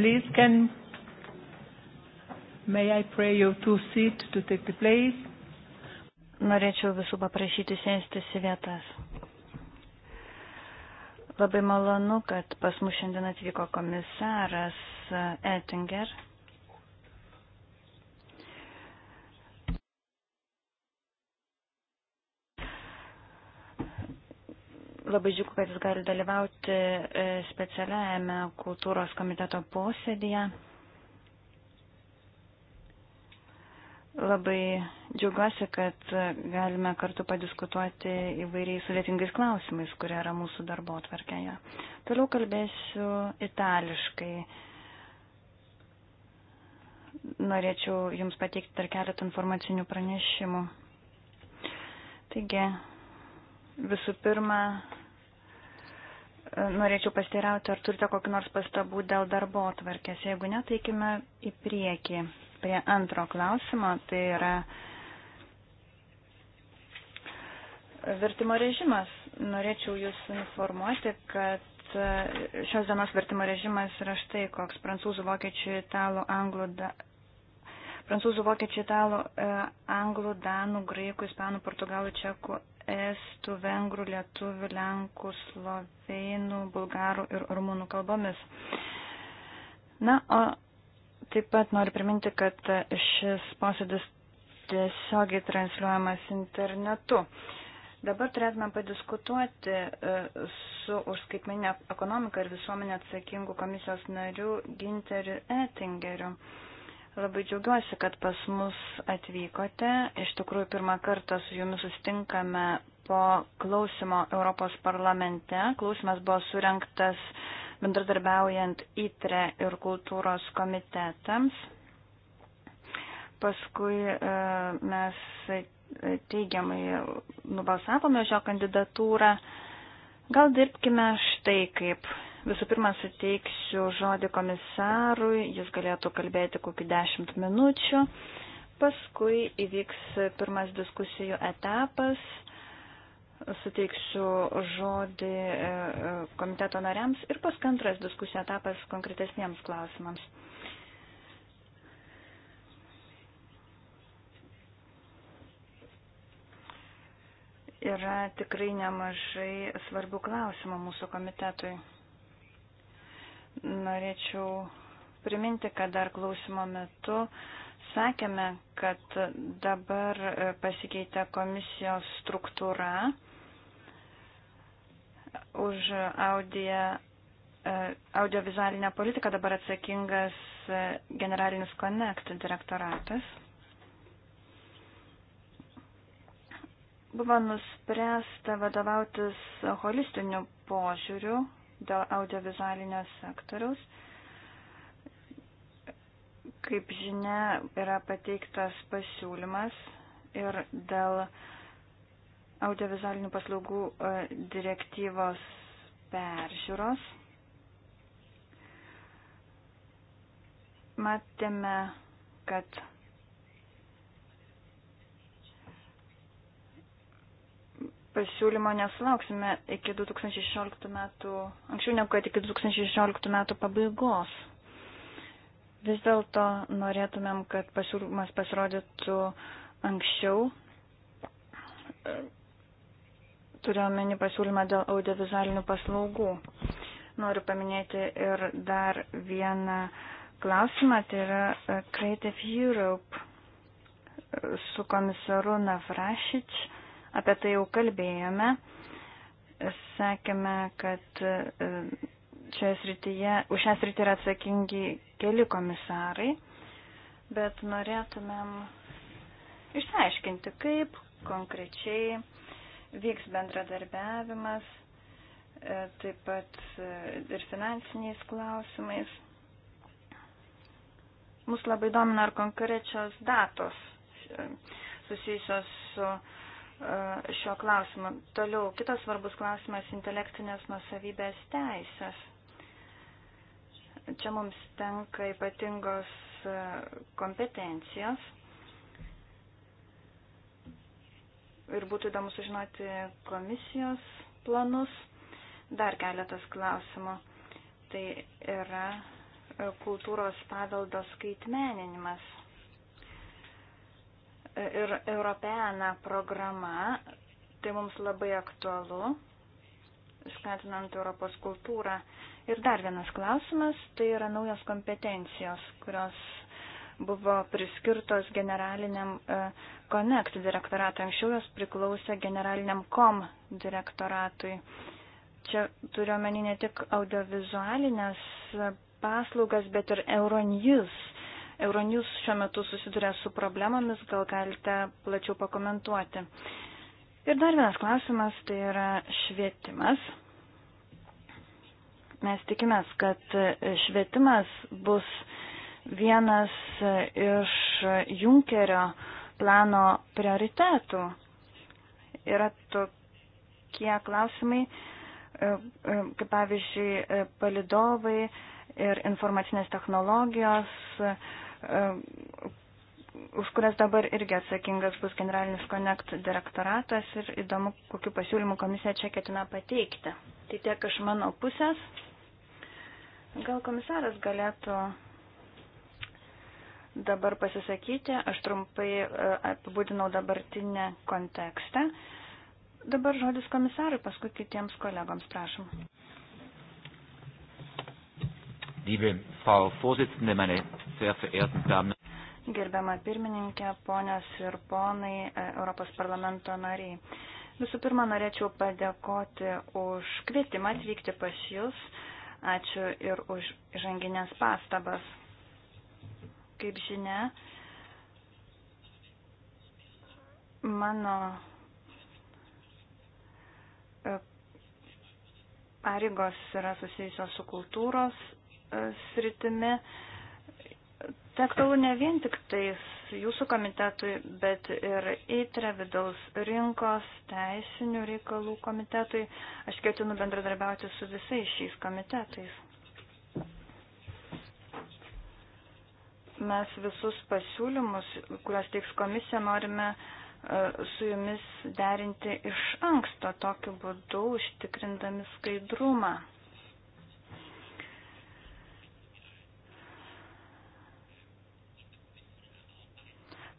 Please can may I pray you to sit to take the place? Norėčiau visų paprašyti sėstis į vietas. Labai malonu, kad pas mus šiandien atvyko komisaras e, Ettinger. Labai džiugu, kad jis gali dalyvauti e, specialiajame kultūros komiteto posėdėje. Labai džiaugiuosi, kad galime kartu padiskutuoti įvairiais sudėtingais klausimais, kurie yra mūsų darbo atvarkėje. Toliau kalbėsiu itališkai. Norėčiau Jums pateikti dar keletą informacinių pranešimų. Taigi, visų pirma, Norėčiau pasiteirauti, ar turite kokį nors pastabų dėl darbo atvarkės. Jeigu ne, taikime į priekį prie antro klausimo. Tai yra vertimo režimas. Norėčiau jūs informuoti, kad šios dienos vertimo režimas yra štai koks prancūzų, vokiečių, italų, anglų, da, prancūzų, vokiečių, italų, e, anglų, danų, graikų, ispanų, portugalų, čekų, estų, vengrų, lietuvių, lenkų, slovėnų, bulgarų ir rumunų kalbomis. Na, o taip pat noriu priminti, kad šis posėdis tiesiogiai transliuojamas internetu. Dabar turėtume padiskutuoti e, su užskaitmenė ekonomika ir visuomenė atsakingų komisijos narių Ginteriu Ettingeriu. Labai džiaugiuosi, kad pas mus atvykote. Iš tikrųjų, pirmą kartą su jumis sustinkame po klausimo Europos parlamente. Klausimas buvo surinktas bendradarbiaujant ITRE ir kultūros komitetams. Paskui e, mes teigiamai nubalsavome šio kandidatūrą. Gal dirbkime štai kaip Visų pirma, suteiksiu žodį komisarui, jis galėtų kalbėti kokį dešimt minučių. Paskui įvyks pirmas diskusijų etapas. Suteiksiu žodį e, e, komiteto nariams ir paskui antras diskusijų etapas konkretesniems klausimams. yra tikrai nemažai svarbių klausimų mūsų komitetui. Norėčiau priminti, kad dar klausimo metu sakėme, kad dabar pasikeitė komisijos struktūra už audiją, e, audiovizualinę politiką dabar atsakingas generalinis Connect direktoratas. Buvo nuspręsta vadovautis holistiniu požiūriu dėl audiovizualinio sektoriaus. Kaip žinia, yra pateiktas pasiūlymas ir dėl audiovizualinių paslaugų e, direktyvos peržiūros. Matėme, kad pasiūlymo nesulauksime iki 2016 metų, anksčiau negu kad iki 2016 metų pabaigos. Vis dėlto norėtumėm, kad pasiūlymas pasirodytų anksčiau. Turiuomenį pasiūlymą dėl audiovizualinių paslaugų. Noriu paminėti ir dar vieną klausimą, tai yra e, Creative Europe e, su komisaru Navrašič apie tai jau kalbėjome. Sakėme, kad čia e, srityje, už šią sritį yra atsakingi keli komisarai, bet norėtumėm išsiaiškinti, kaip konkrečiai vyks bendradarbiavimas, e, taip pat e, ir finansiniais klausimais. Mus labai domina ir konkrečios datos susijusios su E, šio klausimo. Toliau, kitas svarbus klausimas - intelektinės nusavybės teisės. Čia mums tenka ypatingos e, kompetencijos. Ir būtų įdomu sužinoti komisijos planus. Dar keletas klausimų. Tai yra e, kultūros paveldo skaitmeninimas ir Europeana programa, tai mums labai aktualu, skatinant Europos kultūrą. Ir dar vienas klausimas, tai yra naujos kompetencijos, kurios buvo priskirtos generaliniam e, Connect direktoratui. Anksčiau jos priklausė generaliniam COM direktoratui. Čia turiuomenį ne tik audiovizualinės paslaugas, bet ir Euronews Euronius šiuo metu susiduria su problemomis, gal galite plačiau pakomentuoti. Ir dar vienas klausimas, tai yra švietimas. Mes tikimės, kad švietimas bus vienas iš Junkerio plano prioritetų. Yra tokie klausimai, kaip pavyzdžiui, palidovai ir informacinės technologijos, už kurias dabar irgi atsakingas bus generalinis Connect direktoratas ir įdomu, kokiu pasiūlymu komisija čia ketina pateikti. Tai tiek iš mano pusės. Gal komisaras galėtų dabar pasisakyti, aš trumpai e, apibūdinau dabartinę kontekstą. Dabar žodis komisarui, paskui kitiems kolegoms, prašom. Liebe Frau Vorsitzende, meine sehr verehrten Damen. Gerbiama pirmininkė, ponios ir ponai, e, Europos parlamento nariai. Visų pirma, norėčiau padėkoti už kvietimą atvykti pas Jūs. Ačiū ir už žanginės pastabas. Kaip žinia, mano e, pareigos yra susijusios su kultūros e, sritimi. E, Tai aktualu ne vien tik tais jūsų komitetui, bet ir įtre vidaus rinkos teisinių reikalų komitetui. Aš ketinu bendradarbiauti su visais šiais komitetais. Mes visus pasiūlymus, kuriuos teiks komisija, norime e, su jumis derinti iš anksto, tokiu būdu užtikrindami skaidrumą.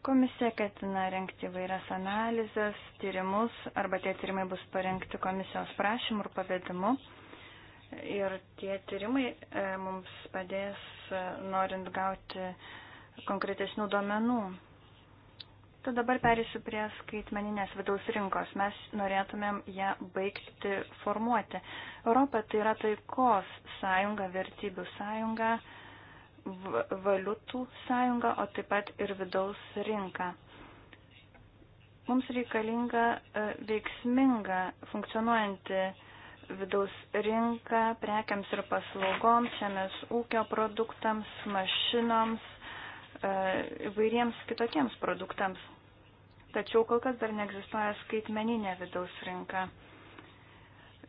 Komisija ketina renkti vairias analizės, tyrimus, arba tie tyrimai bus parengti komisijos prašymų ir pavedimu. Ir tie tyrimai e, mums padės, e, norint gauti konkretesnių duomenų. Tad dabar perėsiu prie skaitmeninės vidaus rinkos. Mes norėtumėm ją baigti formuoti. Europa tai yra taikos sąjunga, vertybių sąjunga. E, valiutų sąjungą, o taip pat ir vidaus rinką. Mums reikalinga e, veiksminga, funkcionuojanti vidaus rinka prekiams ir paslaugoms, žemės ūkio produktams, mašinoms, e, įvairiems kitokiems produktams. Tačiau kol kas dar neegzistuoja skaitmeninė vidaus rinka.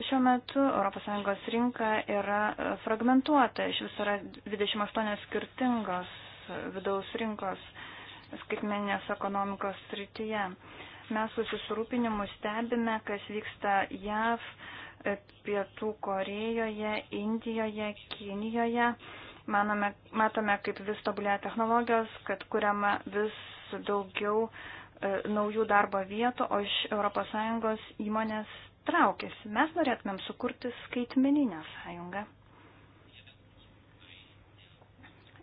Šiuo metu ES rinka yra e, fragmentuota, iš viso yra 28 skirtingos vidaus rinkos skaitmeninės ekonomikos srityje. Mes susirūpinimu stebime, kas vyksta JAV, e, Pietų Korejoje, Indijoje, Kinijoje. Manome, matome, kaip vis tobulėja technologijos, kad kuriama vis daugiau e, naujų darbo vietų, o iš ES įmonės traukiasi. Mes norėtumėm sukurti skaitmeninę sąjungą.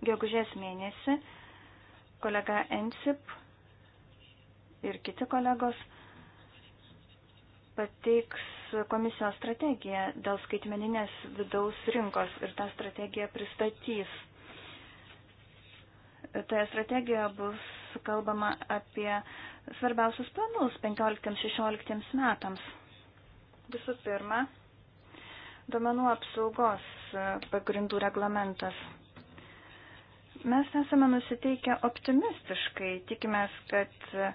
Gegužės mėnesį kolega Ensip ir kiti kolegos pateiks komisijos strategiją dėl skaitmeninės vidaus rinkos ir tą strategiją pristatys. Toje strategijoje bus kalbama apie svarbiausius planus 15-16 metams. Visų pirma, duomenų apsaugos pagrindų reglamentas. Mes esame nusiteikę optimistiškai, tikimės, kad e,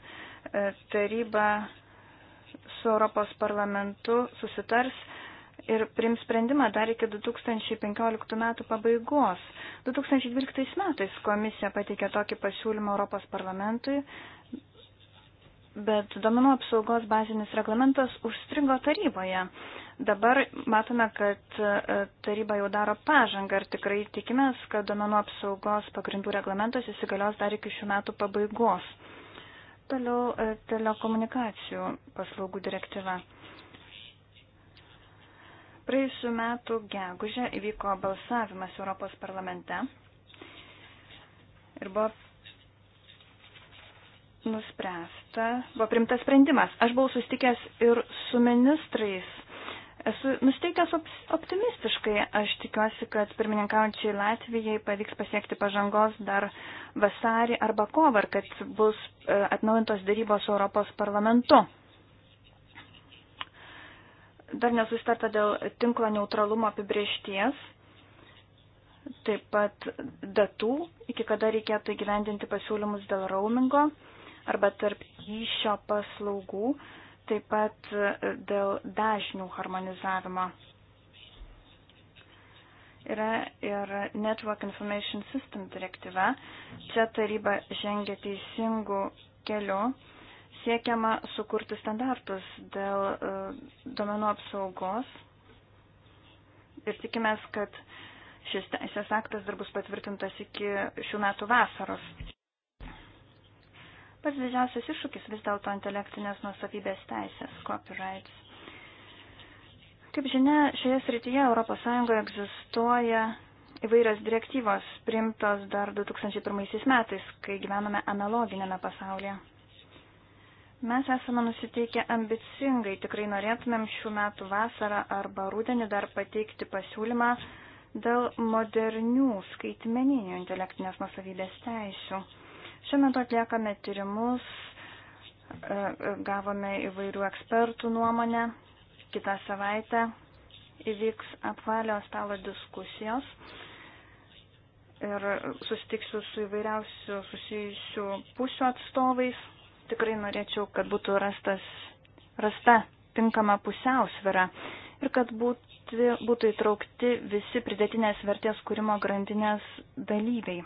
taryba su Europos parlamentu susitars ir prims sprendimą dar iki 2015 metų pabaigos. 2012 metais komisija pateikė tokį pasiūlymą Europos parlamentui, bet domenų apsaugos bazinis reglamentas užstrigo taryboje. Dabar matome, kad e, taryba jau daro pažangą ir tikrai tikimės, kad domenų apsaugos pagrindų reglamentas įsigalios dar iki šių metų pabaigos. Toliau e, telekomunikacijų paslaugų direktyva. Praėjusiu metu gegužę įvyko balsavimas Europos parlamente ir buvo nuspręsta, buvo primtas sprendimas. Aš buvau sustikęs ir su ministrais. Esu nusteikęs optimistiškai. Aš tikiuosi, kad pirmininkaujančiai Latvijai pavyks pasiekti pažangos dar vasarį arba kovą, kad bus e, atnaujintos darybos su Europos parlamentu. Dar nesustarta dėl tinklo neutralumo apibriešties, taip pat datų, iki kada reikėtų įgyvendinti pasiūlymus dėl roamingo arba tarp ryšio paslaugų, taip pat e, dėl dažnių harmonizavimo. Yra ir Network Information System direktyva. Čia taryba žengia teisingų kelių. Siekiama sukurti standartus dėl e, domenų apsaugos ir tikimės, kad šis teisės aktas dar bus patvirtintas iki šių metų vasaros. Pats didžiausias iššūkis vis dėlto intelektinės nusavybės teisės, copyrights. Kaip žinia, šioje srityje ES egzistuoja įvairios direktyvos primtos dar 2001 metais, kai gyvename analoginėme pasaulyje. Mes esame nusiteikę ambicingai, tikrai norėtumėm šių metų vasarą arba rūdienį dar pateikti pasiūlymą dėl modernių skaitmeninių intelektinės nusavybės teisių. Šiuo metu atliekame tyrimus, e, e, gavome įvairių ekspertų nuomonę. Kitą savaitę įvyks apvalio stalo diskusijos ir susitiksiu su įvairiausių susijusių pusių atstovais. Tikrai norėčiau, kad būtų rastas, rasta tinkama pusiausvėra ir kad būtų, būtų įtraukti visi pridėtinės vertės kūrimo grandinės dalyviai.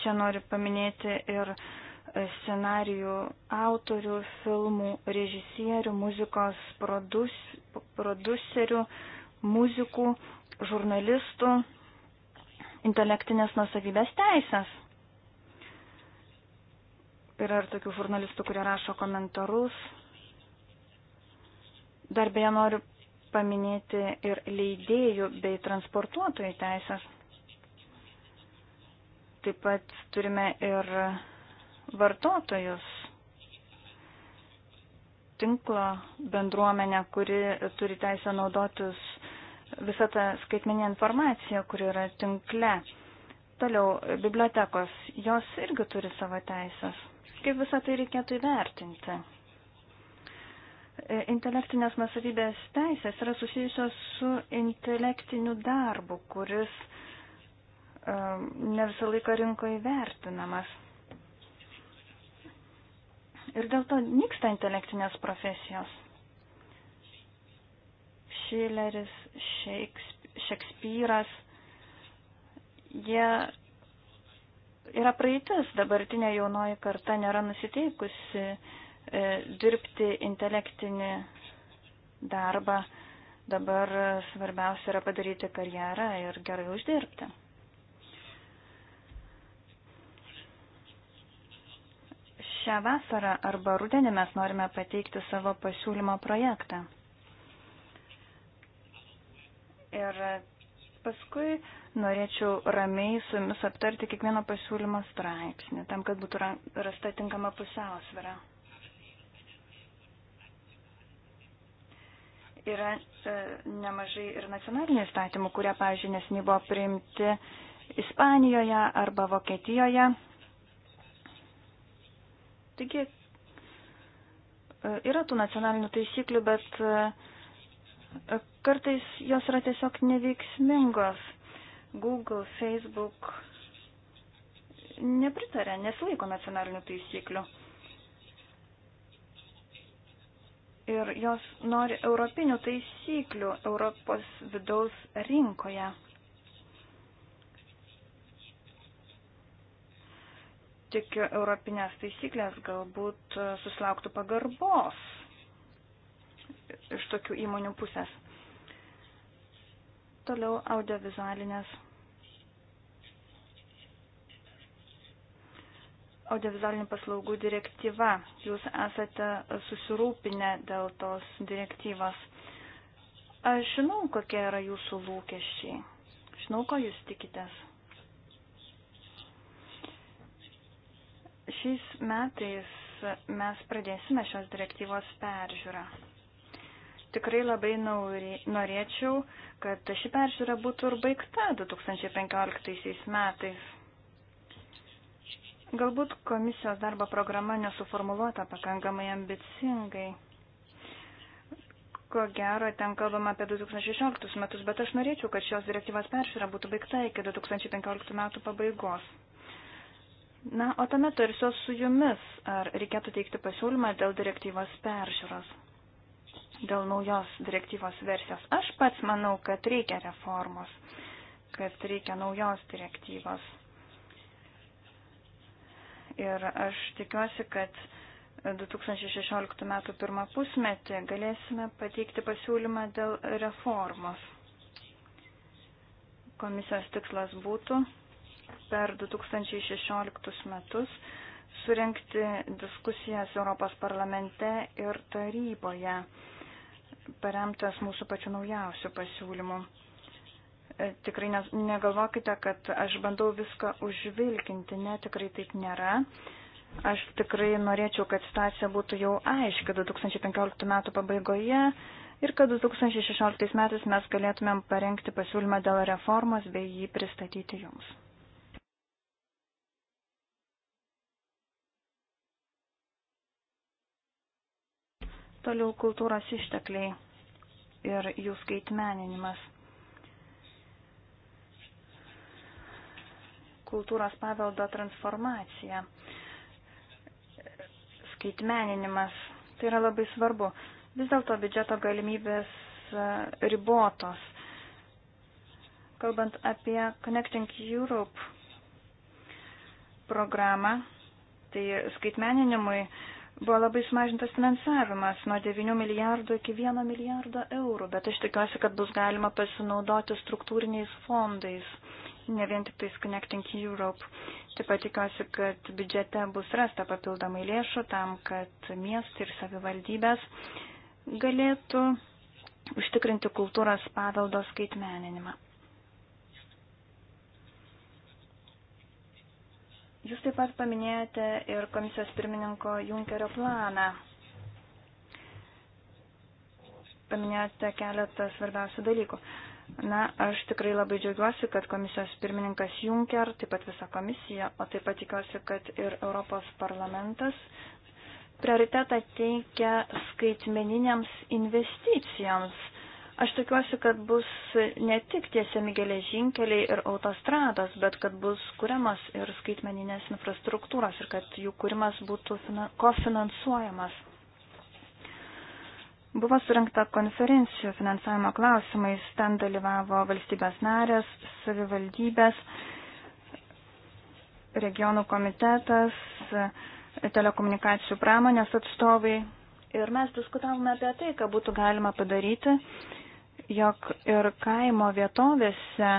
Čia noriu paminėti ir e, scenarijų autorių, filmų režisierių, muzikos produs, producerių, muzikų, žurnalistų, intelektinės nusavybės teisės. Yra ir tokių žurnalistų, kurie rašo komentarus. Dar beje noriu paminėti ir leidėjų bei transportuotojų teisės. Taip pat turime ir vartotojus tinklo bendruomenę, kuri turi teisę naudotis visą tą skaitmeninę informaciją, kuri yra tinkle. Toliau, bibliotekos, jos irgi turi savo teisės. Kaip visą tai reikėtų įvertinti? Intelektinės nusavybės teisės yra susijusios su intelektiniu darbu, kuris uh, Um, ne visą laiką rinkoje vertinamas. Ir dėl to nyksta intelektinės profesijos. Šileris, Šekspyras, jie yra praeitis, dabartinė jaunoji karta nėra nusiteikusi e, dirbti intelektinį darbą. Dabar svarbiausia yra padaryti karjerą ir gerai uždirbti. šią vasarą arba rudenį mes norime pateikti savo pasiūlymo projektą. Ir paskui norėčiau ramiai su jumis aptarti kiekvieno pasiūlymo straipsnį, tam, kad būtų rasta tinkama pusiausvėra. Yra e, nemažai ir nacionalinių įstatymų, kurie, pavyzdžiui, nesiniai buvo priimti Ispanijoje arba Vokietijoje Taigi e, yra tų nacionalinių taisyklių, bet e, kartais jos yra tiesiog neveiksmingos. Google, Facebook nepritarė, nesilaiko nacionalinių taisyklių. Ir jos nori europinių taisyklių Europos vidaus rinkoje. tikiu europinės taisyklės, galbūt e, susilauktų pagarbos iš tokių įmonių pusės. Toliau audiovizualinės. Audiovizualinių paslaugų direktyva. Jūs esate susirūpinę dėl tos direktyvos. Aš žinau, kokie yra jūsų lūkesčiai. Žinau, ko jūs tikitės. Šiais metais mes pradėsime šios direktyvos peržiūrą. Tikrai labai norėčiau, kad ši peržiūra būtų ir baigta 2015 metais. Galbūt komisijos darbo programa nesuformuluota pakankamai ambicingai. Ko gero, ten kalbama apie 2016 metus, bet aš norėčiau, kad šios direktyvos peržiūra būtų baigta iki 2015 metų pabaigos. Na, o tuomet tarsiuos su jumis, ar reikėtų teikti pasiūlymą dėl direktyvos peržiūros, dėl naujos direktyvos versijos. Aš pats manau, kad reikia reformos, kad reikia naujos direktyvos. Ir aš tikiuosi, kad 2016 m. pirmą pusmetį galėsime pateikti pasiūlymą dėl reformos. Komisijos tikslas būtų per 2016 metus surenkti diskusijas Europos parlamente ir taryboje, paremtas mūsų pačių naujausių pasiūlymų. E, tikrai negalvokite, kad aš bandau viską užvilkinti, ne, tikrai taip nėra. Aš tikrai norėčiau, kad situacija būtų jau aiški 2015 metų pabaigoje ir kad 2016 metais mes galėtumėm parengti pasiūlymą dėl reformos bei jį pristatyti jums. Toliau kultūros ištekliai ir jų skaitmeninimas. Kultūros paveldo transformacija. Skaitmeninimas. Tai yra labai svarbu. Vis dėlto biudžeto galimybės e, ribotos. Kalbant apie Connecting Europe programą, tai skaitmeninimui Buvo labai sumažintas finansavimas nuo 9 milijardų iki 1 milijardo eurų, bet aš tikiuosi, kad bus galima pasinaudoti struktūriniais fondais, ne vien tik tais Connecting Europe. Taip pat tikiuosi, kad biudžete bus rasta papildomai lėšų tam, kad miestai ir savivaldybės galėtų užtikrinti kultūros paveldo skaitmeninimą. Jūs taip pat paminėjote ir komisijos pirmininko Junkerio planą. Paminėjote keletą svarbiausių dalykų. Na, aš tikrai labai džiaugiuosi, kad komisijos pirmininkas Junker, taip pat visa komisija, o taip pat tikiuosi, kad ir Europos parlamentas prioritetą teikia skaitmeniniams investicijoms Aš tikiuosi, kad bus ne tik tiesiami geležinkeliai ir autostrados, bet kad bus kuriamas ir skaitmeninės infrastruktūros ir kad jų kūrimas būtų kofinansuojamas. Buvo surinkta konferencijų finansavimo klausimais, ten dalyvavo valstybės narės, savivaldybės, regionų komitetas, telekomunikacijų pramonės atstovai. Ir mes diskutavome apie tai, ką būtų galima padaryti jog ir kaimo vietovėse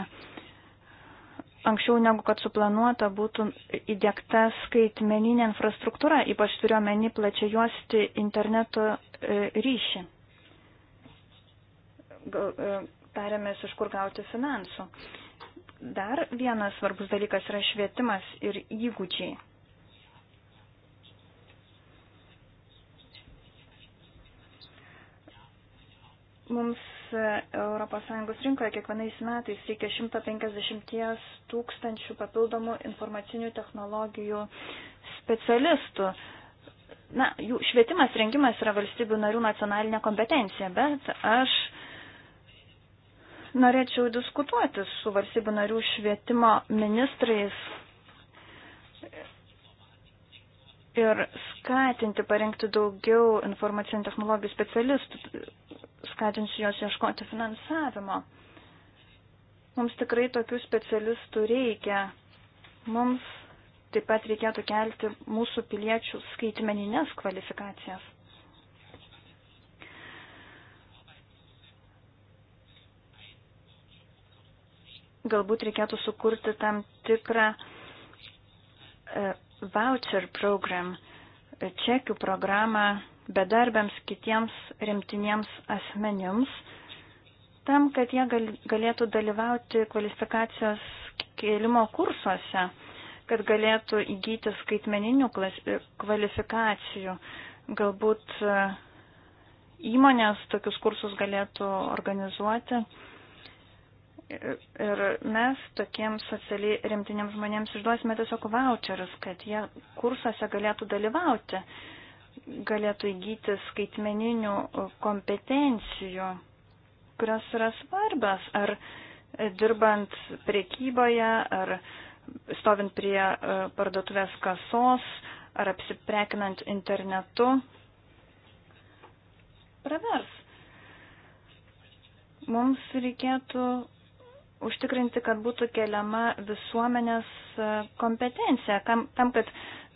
anksčiau negu kad suplanuota būtų įdėkta skaitmeninė infrastruktūra, ypač turiuomenį plačia juosti interneto e, ryšį. Tarėmės, e, iš kur gauti finansų. Dar vienas svarbus dalykas yra švietimas ir įgūdžiai. Mums ES rinkoje kiekvienais metais reikia 150 tūkstančių papildomų informacinių technologijų specialistų. Na, jų švietimas, rengimas yra valstybių narių nacionalinė kompetencija, bet aš norėčiau diskutuoti su valstybių narių švietimo ministrais ir skatinti parengti daugiau informacinių technologijų specialistų, skatinsiu juos ieškoti finansavimo. Mums tikrai tokių specialistų reikia. Mums taip pat reikėtų kelti mūsų piliečių skaitmeninės kvalifikacijas. Galbūt reikėtų sukurti tam tikrą e, voucher program, čekių programą bedarbiams kitiems rimtiniems asmenims, tam, kad jie galėtų dalyvauti kvalifikacijos kėlimo kursuose, kad galėtų įgyti skaitmeninių kvalifikacijų. Galbūt e, įmonės tokius kursus galėtų organizuoti. Ir mes tokiems socialiai rimtiniams žmonėms išduosime tiesiog voucherus, kad jie kursuose galėtų dalyvauti, galėtų įgyti skaitmeninių kompetencijų, kurios yra svarbios, ar dirbant priekyboje, ar stovint prie e, parduotuvės kasos, ar apsiprekinant internetu. Pravers mums reikėtų užtikrinti, kad būtų keliama visuomenės e, kompetencija, kam, tam, kad,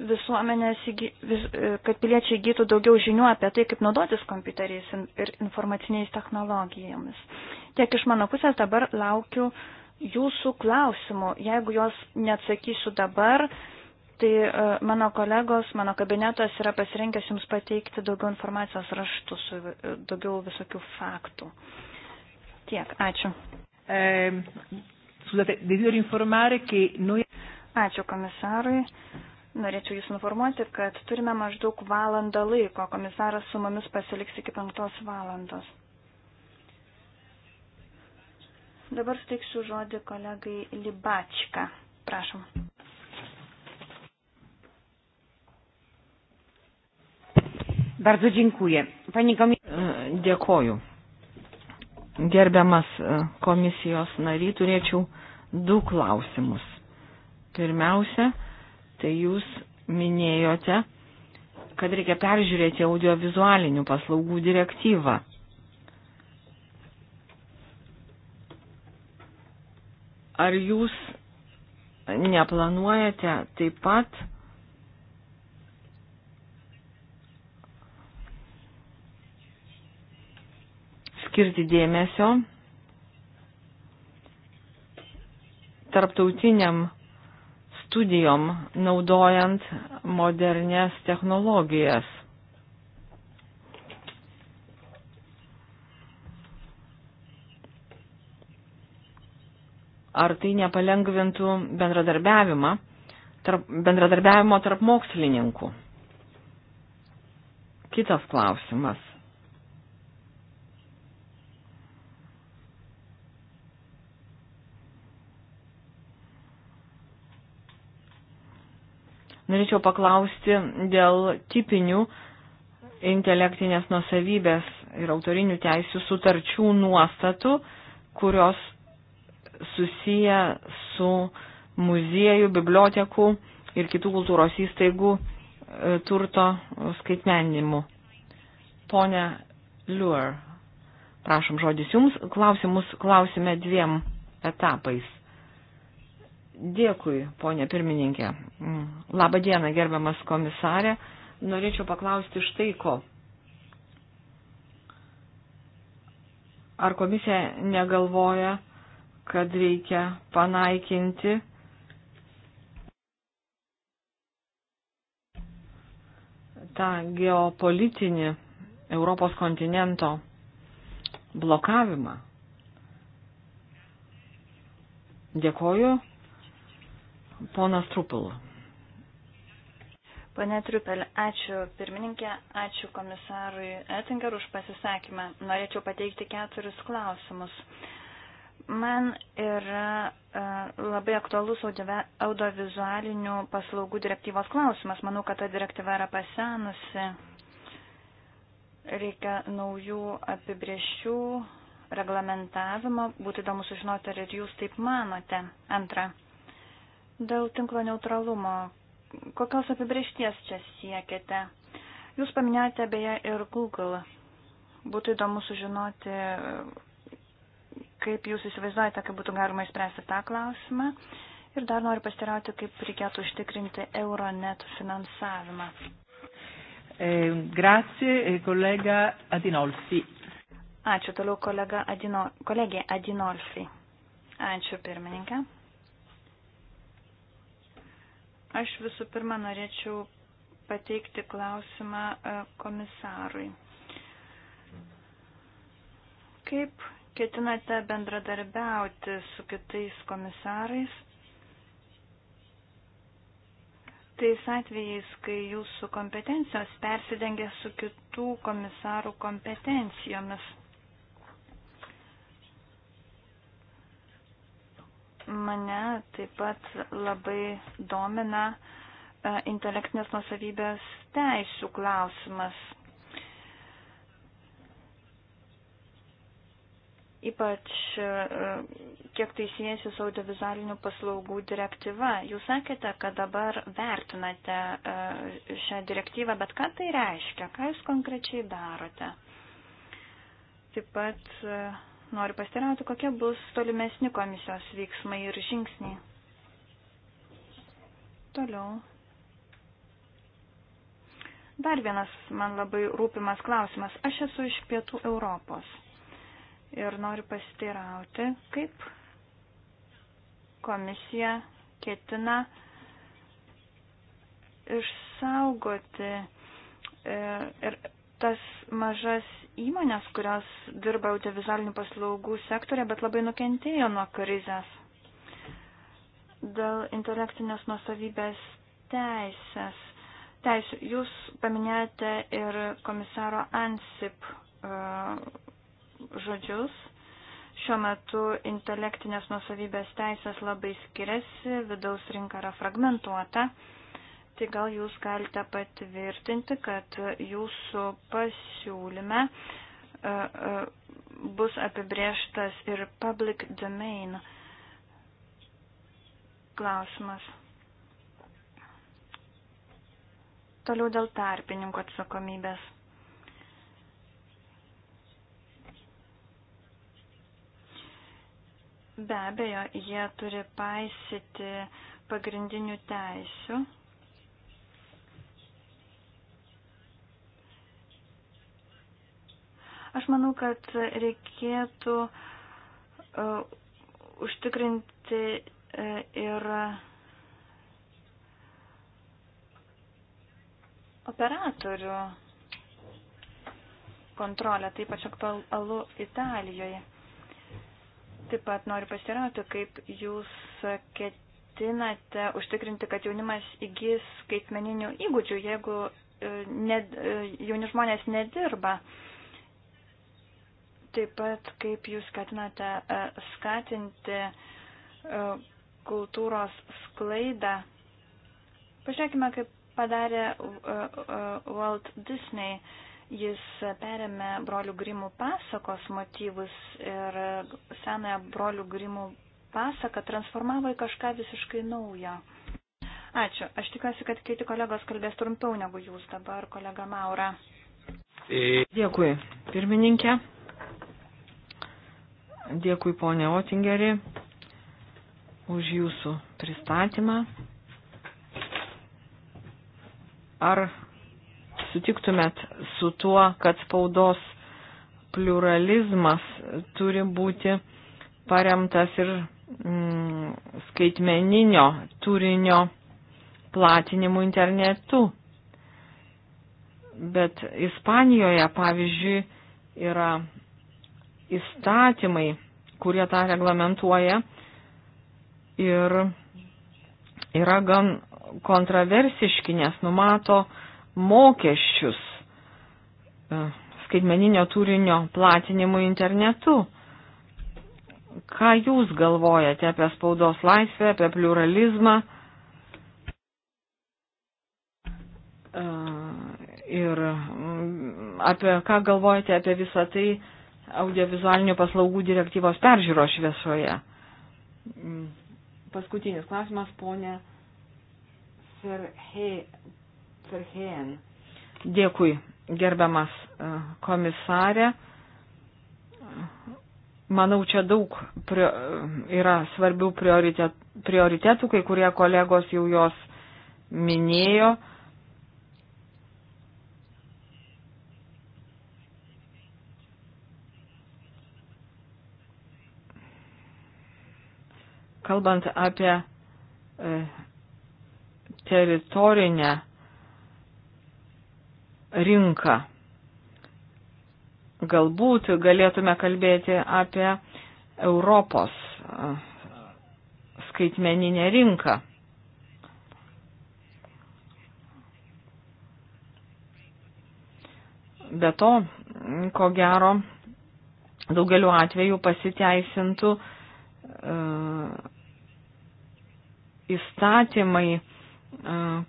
visuomenės, e, kad piliečiai gytų daugiau žinių apie tai, kaip naudotis kompiuteriais ir informaciniais technologijomis. Tiek iš mano pusės dabar laukiu jūsų klausimų. Jeigu jos neatsakysiu dabar, tai e, mano kolegos, mano kabinetas yra pasirinkęs jums pateikti daugiau informacijos raštų su daugiau visokių faktų. Tiek, ačiū. Eh, scusate, desidero informare che noi. Ačiū komisarui. Norėčiau Jūs informuoti, kad turime maždaug valandą laiko. Komisaras su mumis pasiliks iki penktos valandos. Dabar steiksiu žodį kolegai Libačka. Prašom. Bardzo dziękuję. Pani komisarz. E, Dėkoju. Gerbiamas e, komisijos nary, turėčiau du klausimus. Pirmiausia, tai jūs minėjote, kad reikia peržiūrėti audiovizualinių paslaugų direktyvą. Ar jūs neplanuojate taip pat skirti dėmesio tarptautiniam studijom naudojant modernės technologijas. Ar tai nepalengvintų bendradarbiavimą, tarp, bendradarbiavimo tarp mokslininkų? Kitas klausimas. Norėčiau paklausti dėl tipinių intelektinės nusavybės ir autorinių teisių sutarčių nuostatų, kurios susiję su muziejų, bibliotekų ir kitų kultūros įstaigų e, turto skaitmeninimu. Pone Liur, prašom žodis Jums, klausimus klausime dviem etapais. Dėkui, ponė pirmininkė. Mm. Labą dieną, gerbiamas komisarė. Norėčiau paklausti štai ko. Ar komisija negalvoja, kad reikia panaikinti tą geopolitinį Europos kontinento blokavimą? Dėkoju ponas Trupul. Pane Triupel, ačiū pirmininkė, ačiū komisarui Ettinger už pasisakymą. Norėčiau pateikti keturis klausimus. Man yra uh, labai aktualus audiovizualinių paslaugų direktyvos klausimas. Manau, kad ta direktyva yra pasenusi. Reikia naujų apibriešių, reglamentavimo. Būtų įdomu sužinoti, ar ir jūs taip manote. Antra. Uh, Dėl tinklo neutralumo, kokios apibriešties čia siekiate? Jūs paminėjote beje ir Google. Būtų įdomu sužinoti, kaip jūs įsivaizduojate, kaip būtų galima išspręsti tą klausimą. Ir dar noriu pastirauti, kaip reikėtų užtikrinti Euronet finansavimą. E, grazie, kolega e, Adinolfi. Ačiū toliau kolega Adino, kolegė Adinolfi. Ačiū pirmininkė. Aš visų pirma norėčiau pateikti klausimą e, komisarui. Kaip ketinate bendradarbiauti su kitais komisarais? Tais atvejais, kai jūsų kompetencijos persidengia su kitų komisarų kompetencijomis. Mane taip pat labai domina e, intelektinės nusavybės teisų klausimas. Ypač e, kiek tai siejasi su audiovizualinių paslaugų direktyva. Jūs sakėte, kad dabar vertinate e, šią direktyvą, bet ką tai reiškia? Ką jūs konkrečiai darote? Taip pat Noriu pasirauti, kokie bus tolimesni komisijos veiksmai ir žingsniai. Toliau. Dar vienas man labai rūpimas klausimas. Aš esu iš pietų Europos ir noriu pasiteirauti, kaip komisija ketina išsaugoti e, ir tas mažas įmonės, kurios dirba audiovizualinių paslaugų sektorė, bet labai nukentėjo nuo krizės dėl intelektinės nusavybės teisės. Teisų, jūs paminėjote ir komisaro Ansip uh, žodžius. Šiuo metu intelektinės nusavybės teisės labai skiriasi, vidaus rinka yra fragmentuota. Uh, tai gal jūs galite patvirtinti, kad jūsų pasiūlyme e, e, bus apibrieštas ir public domain klausimas. Toliau dėl tarpininko atsakomybės. Be abejo, jie turi paisyti pagrindinių teisių Aš manau, kad reikėtų uh, užtikrinti uh, ir operatorių kontrolę, taip pat aktualu Italijoje. Taip pat noriu pasirauti, kaip jūs ketinate užtikrinti, kad jaunimas įgys skaitmeninių įgūdžių, jeigu e, ne, jauni žmonės nedirba. Uh, Taip pat, kaip jūs skatinate e, skatinti e, kultūros sklaidą. Pažiūrėkime, kaip padarė e, Walt Disney. Jis perėmė brolių grimų pasakos motyvus ir senąją brolių grimų pasaką transformavo į kažką visiškai naujo. Ačiū. Aš tikiuosi, kad kiti kolegos kalbės trumpiau negu jūs dabar, kolega Maura. Dėkui, pirmininkė. Dėkui ponė Otingeri už jūsų pristatymą. Ar sutiktumėt su tuo, kad spaudos pluralizmas turi būti paremtas ir mm, skaitmeninio turinio platinimu internetu? Bet Ispanijoje, pavyzdžiui, yra įstatymai, kurie tą reglamentuoja ir yra gan kontroversiški, nes numato mokesčius e, skaitmeninio turinio platinimui internetu. Ką Jūs galvojate apie spaudos laisvę, apie pluralizmą e, ir apie ką galvojate apie visą tai, audiovizualinių paslaugų direktyvos peržiūro šviesoje. Mm. Paskutinis klausimas, ponė Serhien. Dėkui, gerbiamas e, komisarė. Manau, čia daug prio, e, yra svarbių prioritet, prioritetų, kai kurie kolegos jau jos minėjo. Kalbant apie e, teritorinę rinką, galbūt galėtume kalbėti apie Europos e, skaitmeninę rinką. Be to, ko gero, daugeliu atveju pasiteisintų e, įstatymai,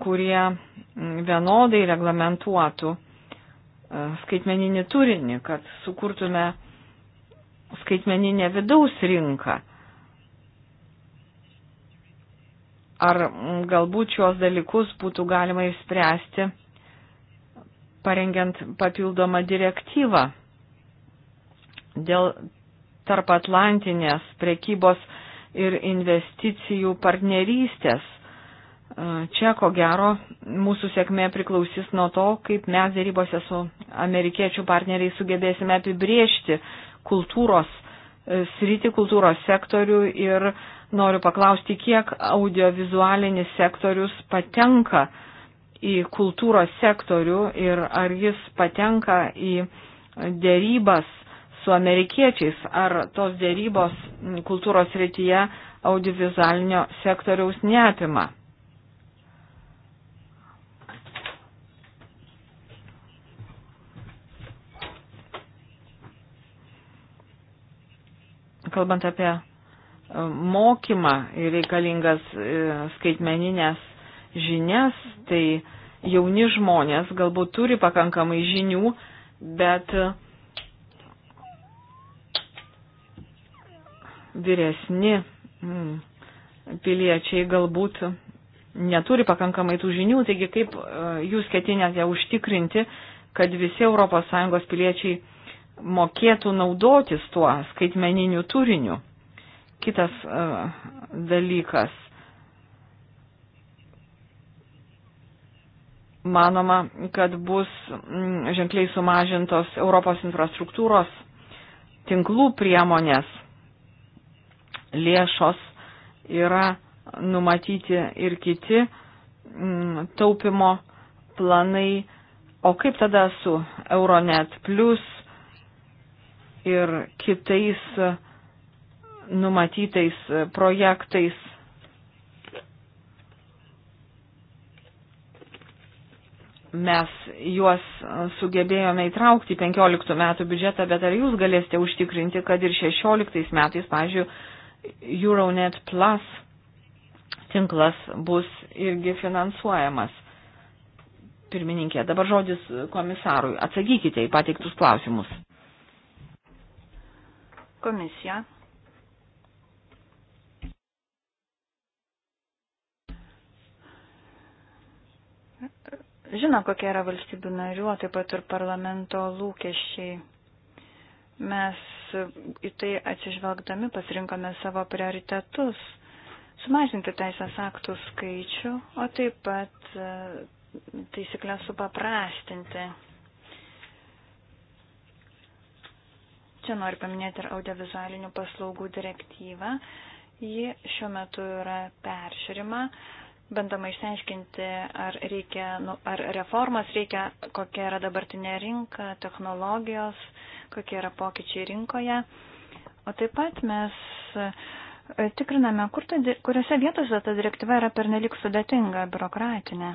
kurie vienodai reglamentuotų skaitmeninį turinį, kad sukurtume skaitmeninę vidaus rinką. Ar galbūt šios dalykus būtų galima išspręsti parengiant papildomą direktyvą dėl tarp Atlantinės prekybos ir investicijų partnerystės. Čia, ko gero, mūsų sėkmė priklausys nuo to, kaip mes dėrybose su amerikiečių partneriai sugebėsime apibriežti kultūros e, sritį, kultūros sektorių ir noriu paklausti, kiek audiovizualinis sektorius patenka į kultūros sektorių ir ar jis patenka į dėrybas su amerikiečiais, ar tos dėrybos kultūros rytyje audiovizualinio sektoriaus neapima. Kalbant apie e, mokymą ir reikalingas e, skaitmeninės žinias, tai jauni žmonės galbūt turi pakankamai žinių, bet uh, vyresni mm, piliečiai galbūt neturi pakankamai tų žinių, taigi kaip e, jūs ketinate užtikrinti, kad visi ES piliečiai mokėtų naudotis tuo skaitmeniniu turiniu. Kitas e, dalykas. Manoma, kad bus mm, ženkliai sumažintos Europos infrastruktūros tinklų priemonės lėšos yra numatyti ir kiti mm, taupimo planai. O kaip tada su Euronet Plus ir kitais mm, numatytais projektais? Mes juos sugebėjome įtraukti 15 metų biudžetą, bet ar jūs galėsite užtikrinti, kad ir 16 metais, pažiūrėjau, Euronet Plus tinklas bus irgi finansuojamas. Pirmininkė, dabar žodis komisarui. Atsakykite į pateiktus klausimus. Komisija. Žino, kokie yra valstybių narių, taip pat ir parlamento lūkesčiai. Mes į tai atsižvelgdami pasirinkome savo prioritetus - sumažinti teisės aktų skaičių, o taip pat e, taisyklę supaprastinti. Čia noriu paminėti ir audiovizualinių paslaugų direktyvą. Ji šiuo metu yra perširima bandoma išsiaiškinti, ar, reikia, nu, ar reformas reikia, kokia yra dabartinė rinka, technologijos, kokie yra pokyčiai rinkoje. O taip pat mes e, tikriname, kur ta, kuriuose vietose ta direktyva yra pernelik sudėtinga, biurokratinė.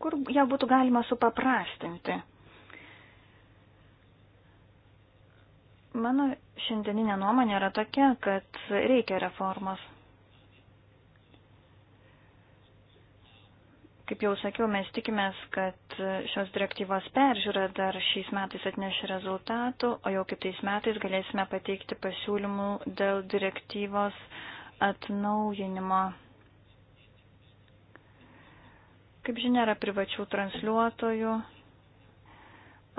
Kur ją būtų galima supaprastinti. Mano šiandieninė nuomonė yra tokia, kad reikia reformos Kaip jau sakiau, mes tikimės, kad šios direktyvos peržiūra dar šiais metais atneš rezultatų, o jau kitais metais galėsime pateikti pasiūlymų dėl direktyvos atnaujinimo. Kaip žinia, yra privačių transliuotojų,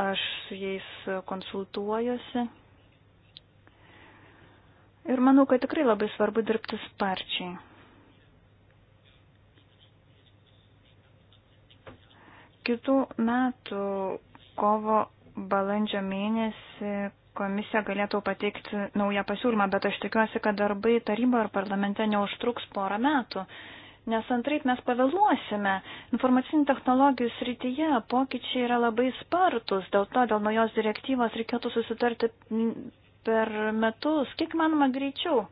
aš su jais konsultuojuosi. Ir manau, kad tikrai labai svarbu dirbti sparčiai. Kitų metų kovo balandžio mėnesį komisija galėtų pateikti naują pasiūlymą, bet aš tikiuosi, kad darbai taryboje ar parlamente neužtruks porą metų, nes antraip mes pavėluosime. Informacinių technologijų srityje pokyčiai yra labai spartus, dėl to dėl naujos direktyvos reikėtų susitarti per metus, kiek manoma greičiau.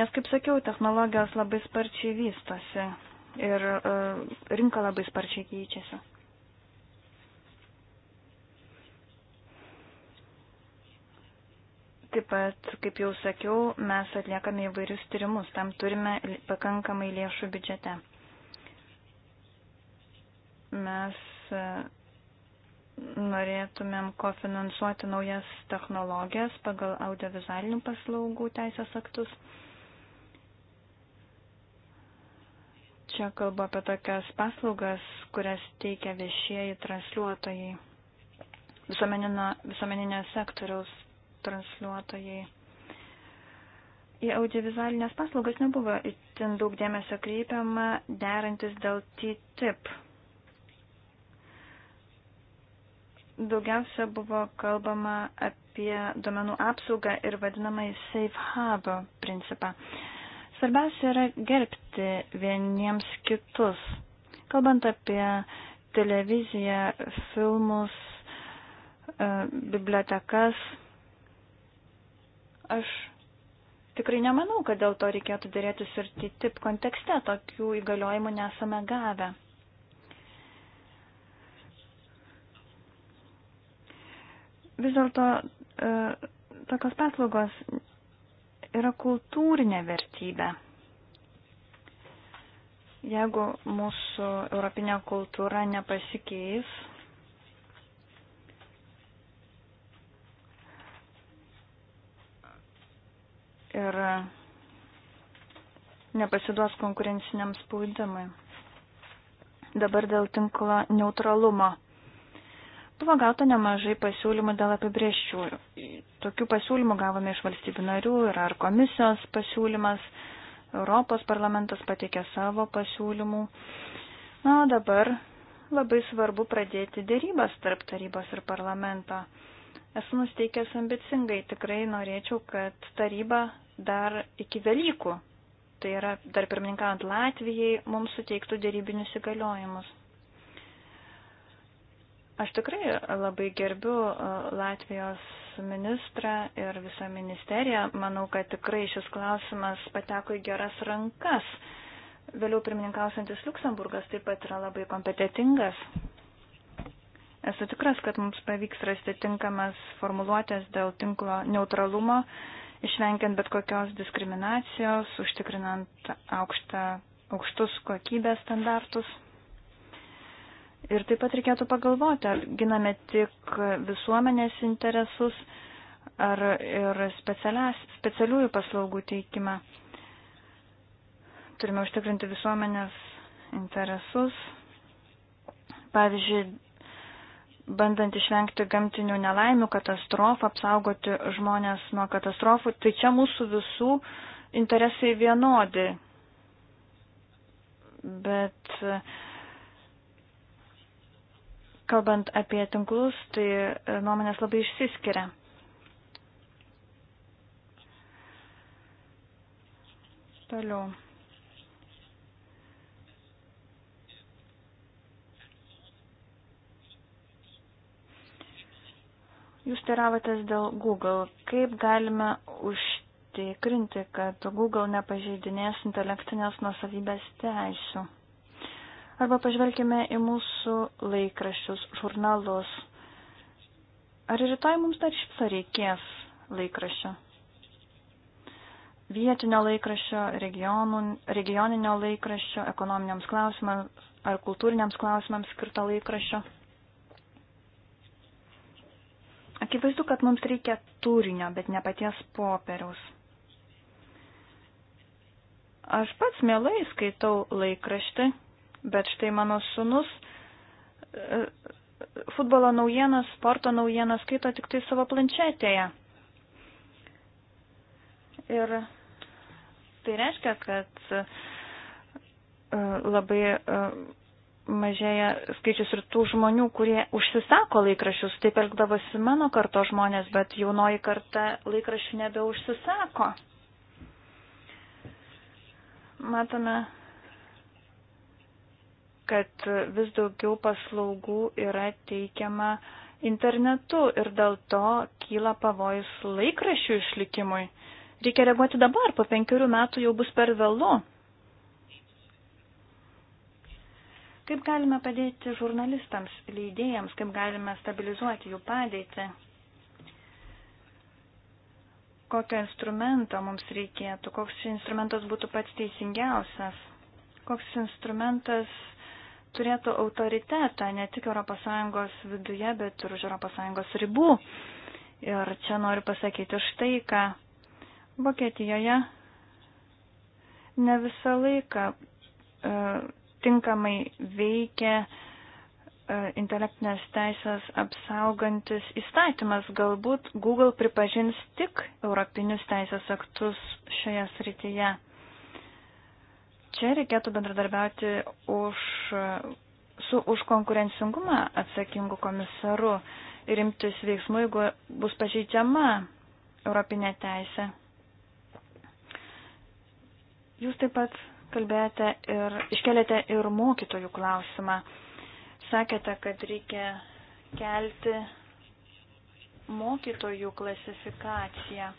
Nes, kaip sakiau, technologijos labai sparčiai vystosi ir e, rinka labai sparčiai keičiasi. Taip pat, kaip jau sakiau, mes atliekame įvairius tyrimus, tam turime pakankamai lėšų biudžete. Mes e, norėtumėm kofinansuoti naujas technologijas pagal audiovizualinių paslaugų teisės aktus. Čia kalbu apie tokias paslaugas, kurias teikia viešieji transliuotojai, visuomeninio sektoriaus transliuotojai. Į audiovizualinės paslaugas nebuvo itin daug dėmesio kreipiama derantis dėl TTIP. Daugiausia buvo kalbama apie duomenų apsaugą ir vadinamai safe hub principą. Uh, Svarbiausia yra gerbti vieniems kitus. Kalbant apie televiziją, filmus, e, bibliotekas, aš tikrai nemanau, kad dėl to reikėtų dėrėtis ir TTIP kontekste, tokių įgaliojimų nesame gavę. Vis dėlto e, tokios paslaugos yra kultūrinė vertybė. Jeigu mūsų europinė kultūra nepasikeis, ir nepasiduos konkurenciniam spaudimui. Dabar dėl tinklo neutralumo. Buvo gauta nemažai pasiūlymų dėl apibrieščių. Tokių pasiūlymų gavome iš valstybių narių ir ar komisijos pasiūlymas. Europos parlamentas pateikė savo pasiūlymų. Na, o dabar labai svarbu pradėti dėrybas tarp tarybos ir parlamento. Esu nusteikęs ambicingai, tikrai norėčiau, kad taryba dar iki Velykų, tai yra dar pirmininkant Latvijai, mums suteiktų dėrybinius įgaliojimus. Aš tikrai labai gerbiu Latvijos ministrą ir visą ministeriją. Manau, kad tikrai šis klausimas pateko į geras rankas. Vėliau pirmininkausantis Luksemburgas taip pat yra labai kompetitingas. Esu tikras, kad mums pavyks rasti tinkamas formuluotės dėl tinklo neutralumo, išvengiant bet kokios diskriminacijos, užtikrinant aukštą, aukštus kokybės standartus. Ir taip pat reikėtų pagalvoti, ar giname tik visuomenės interesus, ar ir specialiųjų paslaugų teikimą. Turime užtikrinti visuomenės interesus. Pavyzdžiui, bandant išvengti gamtinių nelaimių, katastrofų, apsaugoti žmonės nuo katastrofų, tai čia mūsų visų interesai vienodi. Bet uh, Kalbant apie tinklus, tai e, nuomonės labai išsiskiria. Toliau. Jūs teravotės dėl Google. Kaip galime užtikrinti, kad Google nepažeidinės intelektinės nusavybės teisų? Arba pažvelkime į mūsų laikraščius, žurnalus. Ar rytoj mums dar iš viso reikės laikraščio? Vietinio laikraščio, regionų, regioninio laikraščio, ekonominiams klausimams ar kultūriniams klausimams skirto laikraščio. Akivaizdu, kad mums reikia turinio, bet ne paties popieriaus. Aš pats mielai skaitau laikraštį, bet štai mano sunus e, futbolo naujienas, sporto naujienas skaito tik tai savo planšetėje. Ir tai reiškia, kad e, labai e, mažėja skaičius ir tų žmonių, kurie užsisako laikrašius. Taip elgdavosi mano karto žmonės, bet jaunoji karta laikrašių nebeužsisako. Matome kad vis daugiau paslaugų yra teikiama internetu ir dėl to kyla pavojus laikrašių išlikimui. Reikia reaguoti dabar, po penkerių metų jau bus per vėlu. Kaip galime padėti žurnalistams, leidėjams, kaip galime stabilizuoti jų padėtį? Kokio instrumento mums reikėtų, koks instrumentas būtų pats teisingiausias, koks instrumentas uh, turėtų autoritetą ne tik ES viduje, bet ir už ES ribų. Ir čia noriu pasakyti štai, ką Vokietijoje ne visą laiką e, tinkamai veikia e, intelektinės teisės apsaugantis įstatymas. Galbūt Google pripažins tik europinius teisės aktus šioje srityje. Čia reikėtų bendradarbiauti už, su už konkurencingumą atsakingu komisaru ir imtis veiksmų, jeigu bus pažeidžiama europinė teisė. Jūs taip pat kalbėjote ir iškelėte ir mokytojų klausimą. Sakėte, kad reikia kelti mokytojų klasifikaciją.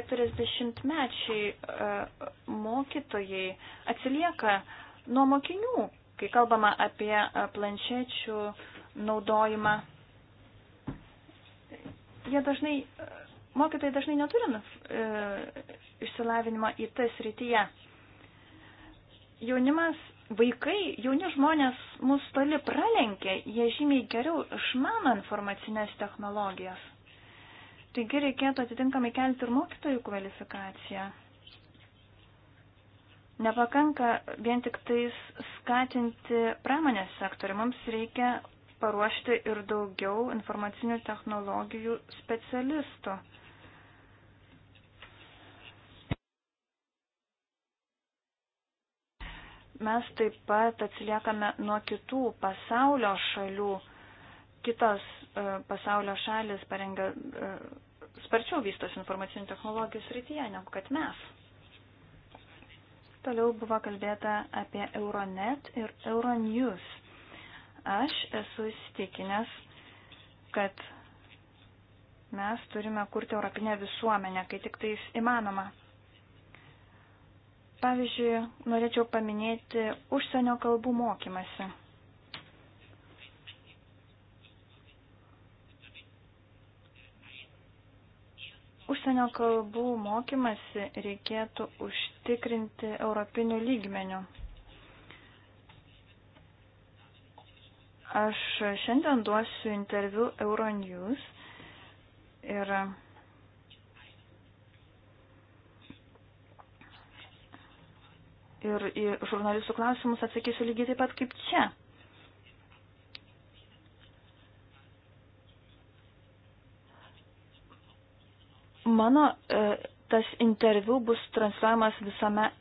40-mečiai e, mokytojai atsilieka nuo mokinių, kai kalbama apie e, planšečių naudojimą. Jie dažnai, e, mokytojai dažnai neturi išsilavinimo į tas rytyje. Jaunimas, vaikai, jauni žmonės mus toli pralenkia, jie žymiai geriau išmano informacinės technologijas. Taigi reikėtų atitinkamai kelti ir mokytojų kvalifikaciją. Nepakanka vien tik tais skatinti pramonės sektorių, mums reikia paruošti ir daugiau informacinių technologijų specialistų. mes taip pat atsiliekame nuo kitų pasaulio šalių. Kitos E, pasaulio šalis parengia e, sparčiau vystosi informacinių technologijų srityje negu kad mes. Toliau buvo kalbėta apie Euronet ir Euronews. Aš esu įsitikinęs, kad mes turime kurti europinę visuomenę, kai tik tais įmanoma. Pavyzdžiui, norėčiau paminėti užsienio kalbų mokymasi. Užsienio kalbų mokymasi reikėtų užtikrinti europinių lygmenių. Aš šiandien duosiu interviu Euronews ir ir į žurnalistų klausimus atsakysiu lygiai taip pat kaip čia. Mano e, tas interviu bus transliuojamas visame, e,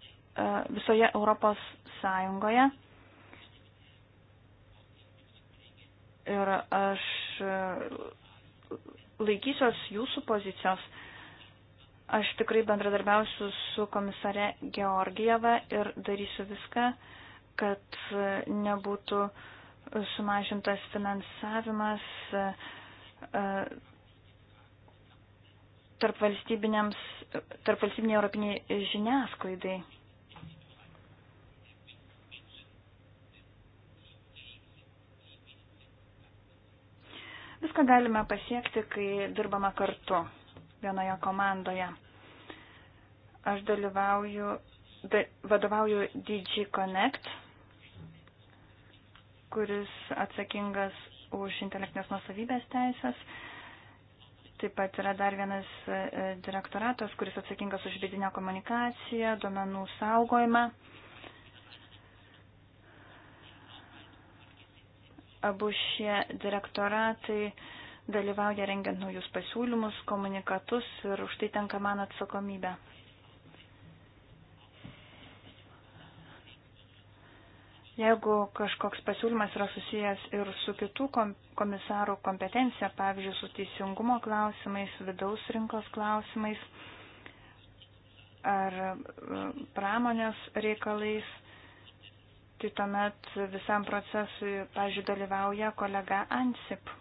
visoje Europos Sąjungoje. Ir aš e, laikysiuos jūsų pozicijos. Aš tikrai bendradarbiausiu su komisare Georgijava ir darysiu viską, kad nebūtų sumažintas finansavimas tarpvalstybiniai tarp europiniai žiniasklaidai. Viską galime pasiekti, kai dirbame kartu vienoje komandoje. Aš dalyvauju, da, vadovauju DG Connect, kuris atsakingas už intelektinės nusavybės teisės. Uh, Taip pat yra dar vienas e, e, direktoratas, kuris atsakingas už vidinę komunikaciją, duomenų saugojimą. Abu šie direktoratai dalyvauja rengiant naujus pasiūlymus, komunikatus ir už tai tenka man atsakomybė. Jeigu kažkoks pasiūlymas yra susijęs ir su kitų komisarų kompetencija, pavyzdžiui, su teisingumo klausimais, vidaus rinkos klausimais ar e, pramonės reikalais, tai tuomet visam procesui, pavyzdžiui, dalyvauja kolega Ansip.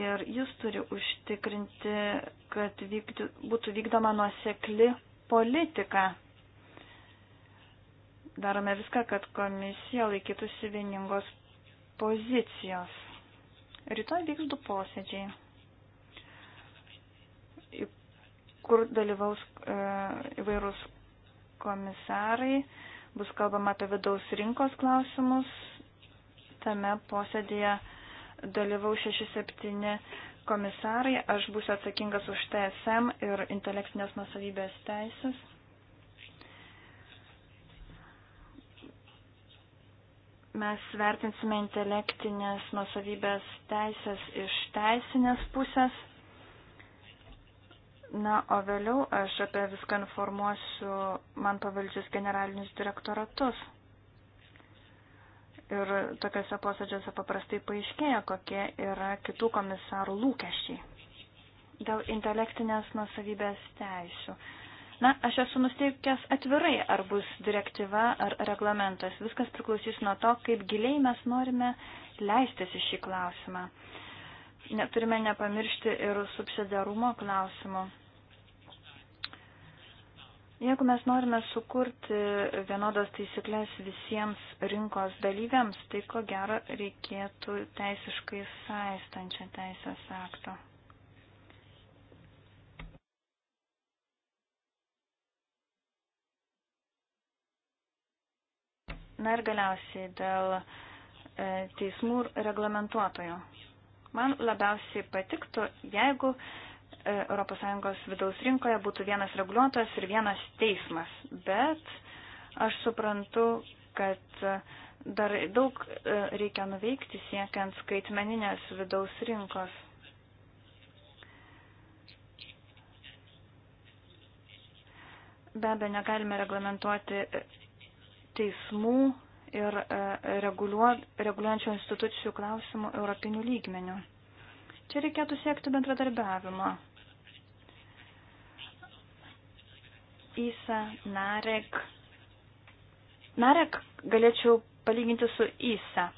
Ir jis turi užtikrinti, kad vykdy, būtų vykdoma nuosekli politika darome viską, kad komisija laikytųsi vieningos pozicijos. Rytoj vyks du posėdžiai, kur dalyvaus e, įvairūs komisarai, bus kalbama apie vidaus rinkos klausimus. Tame posėdėje dalyvau 6-7 komisarai, aš būsiu atsakingas už TSM ir intelektinės nusavybės teisės. Mes vertinsime intelektinės nusavybės teisės iš teisinės pusės. Na, o vėliau aš apie viską informuosiu man pavaldžius generalinius direktoratus. Ir tokiuose posėdžiuose paprastai paaiškėja, kokie yra kitų komisarų lūkesčiai dėl intelektinės nusavybės teisių. Na, aš esu nusteikęs atvirai, ar bus direktyva ar reglamentas. Viskas priklausys nuo to, kaip giliai mes norime leistis į šį klausimą. Neturime nepamiršti ir subsidiarumo klausimų. Jeigu mes norime sukurti vienodas taisyklės visiems rinkos dalyviams, tai ko gero reikėtų teisiškai saistančią teisės akto. Na ir galiausiai dėl e, teismų reglamentuotojų. Man labiausiai patiktų, jeigu e, ES vidaus rinkoje būtų vienas reguliuotojas ir vienas teismas, bet aš suprantu, kad dar daug e, reikia nuveikti siekiant skaitmeninės vidaus rinkos. Be abejo, negalime reglamentuoti teismų ir e, reguliuojančių institucijų klausimų europinių lygmenių. Čia reikėtų siekti bendradarbiavimo. ISA, NAREK. NAREK galėčiau palyginti su ISA.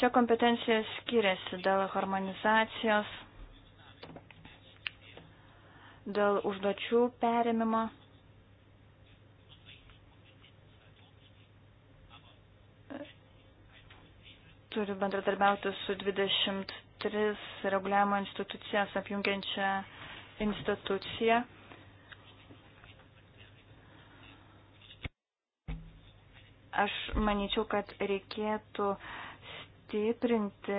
Čia kompetencija skiriasi dėl harmonizacijos, dėl užduočių perėmimo. turi bendradarbiauti su 23 reguliavimo institucijas apjungiančią instituciją. Aš manyčiau, kad reikėtų stiprinti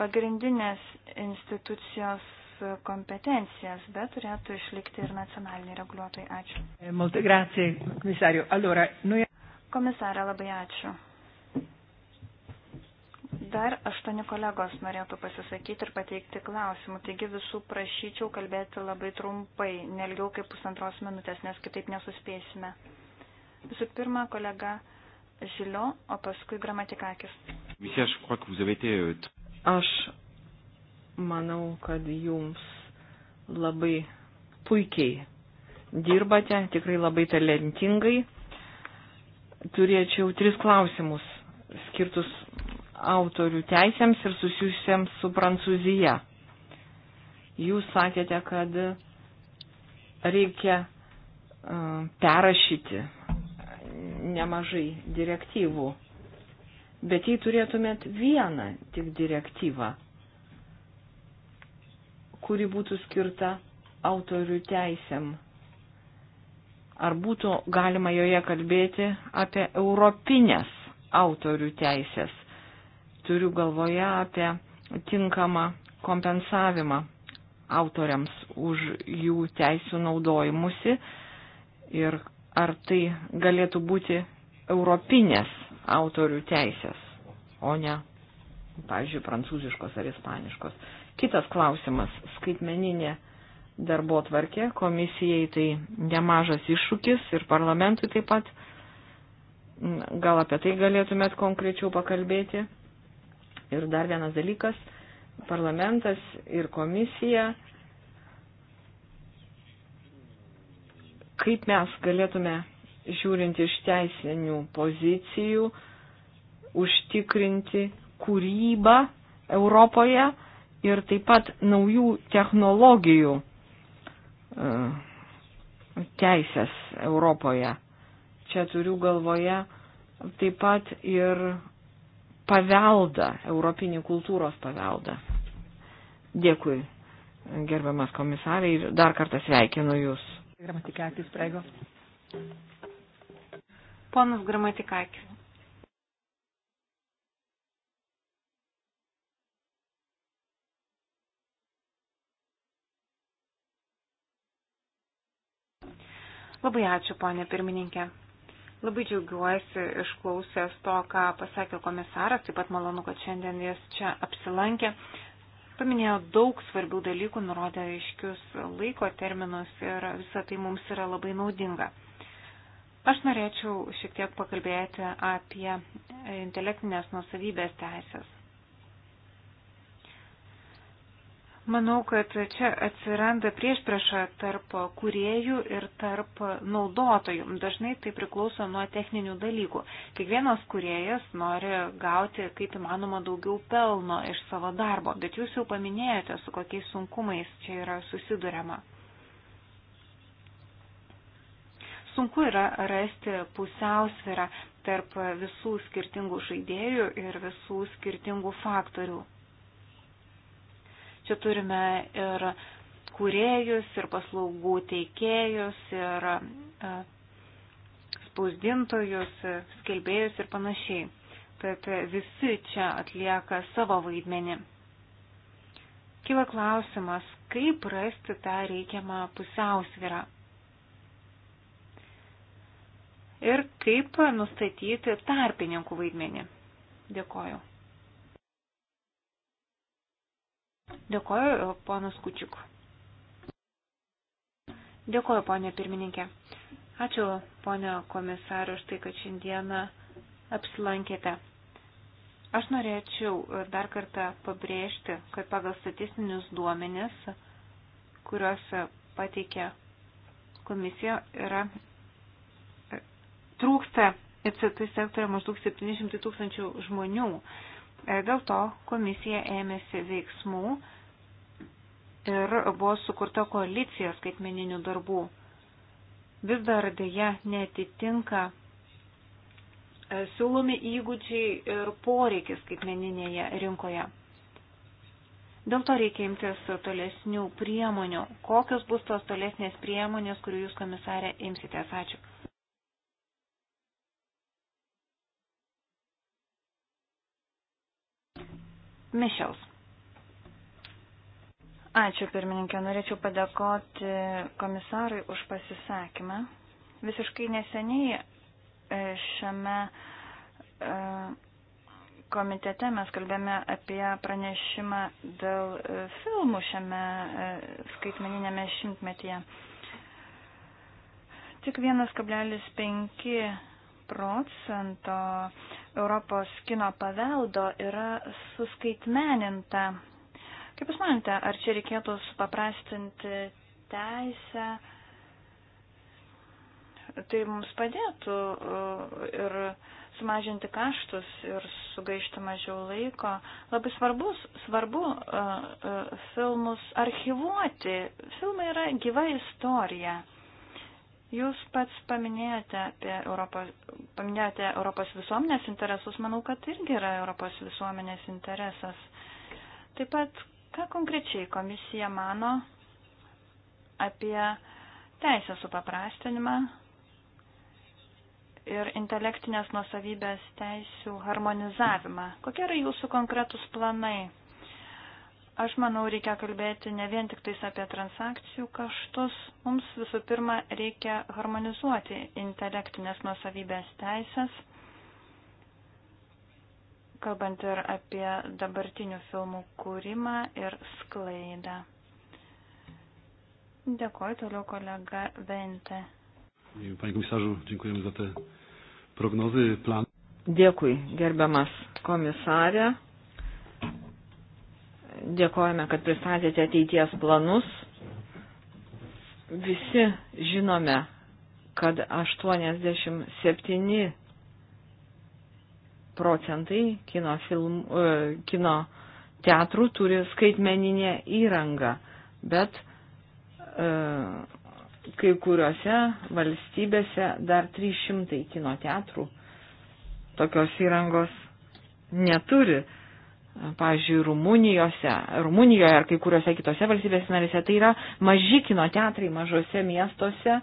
pagrindinės institucijos kompetencijas, bet turėtų išlikti ir nacionaliniai reguliuotojai. Ačiū. Molte grazie, komisario. Allora, noi... Komisarė, labai ačiū. Dar aštuoni kolegos norėtų pasisakyti ir pateikti klausimų, taigi visų prašyčiau kalbėti labai trumpai, nelgiau kaip pusantros minutės, nes kitaip nesuspėsime. Visų pirma, kolega Žilio, o paskui gramatikakis. Euh, Aš manau, kad jums labai puikiai dirbate, tikrai labai talentingai. Turėčiau tris klausimus skirtus autorių teisėms ir susijusiems su Prancūzija. Jūs sakėte, kad reikia e, perrašyti nemažai direktyvų, bet jei turėtumėt vieną tik direktyvą, kuri būtų skirta autorių teisėm, ar būtų galima joje kalbėti apie europinės autorių teisės? Turiu galvoje apie tinkamą kompensavimą autoriams už jų teisų naudojimusi ir ar tai galėtų būti europinės autorių teisės, o ne, pavyzdžiui, prancūziškos ar ispaniškos. Kitas klausimas - skaitmeninė darbo tvarkė, komisijai tai nemažas iššūkis ir parlamentui taip pat. Gal apie tai galėtumėt konkrečiau pakalbėti? Ir dar vienas dalykas, parlamentas ir komisija, kaip mes galėtume, žiūrint iš teisinių pozicijų, užtikrinti kūrybą Europoje ir taip pat naujų technologijų e, teisės Europoje. Čia turiu galvoje taip pat ir paveldą, europinį kultūros paveldą. Dėkui, gerbiamas komisarė, ir dar kartą sveikinu Jūs. Gramatikakis, prego. Ponas Gramatikakis. Labai ačiū, ponė pirmininkė. Labai džiaugiuosi išklausęs to, ką pasakė komisaras, taip pat malonu, kad šiandien jis čia apsilankė. Paminėjo daug svarbių dalykų, nurodė aiškius laiko terminus ir visa tai mums yra labai naudinga. Aš norėčiau šiek tiek pakalbėti apie intelektinės nusavybės teisės. Manau, kad čia atsiranda priešprieša tarp kuriejų ir tarp naudotojų. Dažnai tai priklauso nuo techninių dalykų. Kiekvienas kuriejas nori gauti kaip įmanoma daugiau pelno iš savo darbo, bet jūs jau paminėjote, su kokiais sunkumais čia yra susidurima. Sunku yra rasti pusiausvyrą tarp visų skirtingų žaidėjų ir visų skirtingų faktorių. Čia turime ir kuriejus, ir paslaugų teikėjus, ir e, spausdintojus, skelbėjus ir panašiai. Tad visi čia atlieka savo vaidmenį. Kila klausimas, kaip rasti tą reikiamą pusiausvyrą. Ir kaip nustatyti tarpininkų vaidmenį. Dėkoju. Dėkoju, e, ponas Kučiuk. Dėkoju, ponė pirmininkė. Ačiū, ponė komisarė, už tai, kad šiandieną apsilankėte. Aš norėčiau e, dar kartą pabrėžti, kad pagal statistinius duomenis, kuriuos e, pateikė komisija, yra trūksta ICT sektorio maždaug 700 tūkstančių žmonių. E, dėl to komisija ėmėsi veiksmų ir buvo sukurta koalicija skaitmeninių darbų. Vis dar dėja netitinka e, siūlomi įgūdžiai ir poreikis skaitmeninėje rinkoje. Dėl to reikia imtis tolesnių priemonių. Kokios bus tos tolesnės priemonės, kurių jūs komisarė imsitės? Ačiū. Mišels. Ačiū pirmininkė, norėčiau padėkoti komisarui už pasisakymą. Visiškai neseniai e, šiame e, komitete mes kalbėjome apie pranešimą dėl e, filmų šiame skaitmeninėme šimtmetyje. Tik 1,5 procento Europos kino paveldo yra suskaitmeninta. Kaip Jūs manite, ar čia reikėtų supaprastinti teisę? Tai mums padėtų uh, ir sumažinti kaštus ir sugaišti mažiau laiko. Labai svarbus, svarbu uh, uh, filmus archivuoti. Filmai yra gyva istorija. Jūs pats paminėjote apie Europos, paminėjote Europos visuomenės interesus, manau, kad tai irgi yra Europos visuomenės interesas. Taip pat, ką konkrečiai komisija mano apie teisę supaprastinimą ir intelektinės nusavybės teisių harmonizavimą? Kokie yra jūsų konkretus planai? Aš manau, reikia kalbėti ne vien tik tais apie transakcijų kaštus. Mums visų pirma reikia harmonizuoti intelektinės nusavybės teisės, kalbant ir apie dabartinių filmų kūrimą ir sklaidą. Dėkuoju toliau kolega Vente. Panie komisarzu, dziękujemy za te prognozy, plan. Dėkui, gerbiamas komisarė. Dėkojame, kad pristatėte ateities planus. Visi žinome, kad 87 procentai kino, film, e, kino teatrų turi skaitmeninę įrangą, bet e, kai kuriuose valstybėse dar 300 kino teatrų tokios įrangos neturi pavyzdžiui, Rumunijose, Rumunijoje ar kai kuriuose kitose valstybės narėse, tai yra maži kino teatrai mažose miestuose,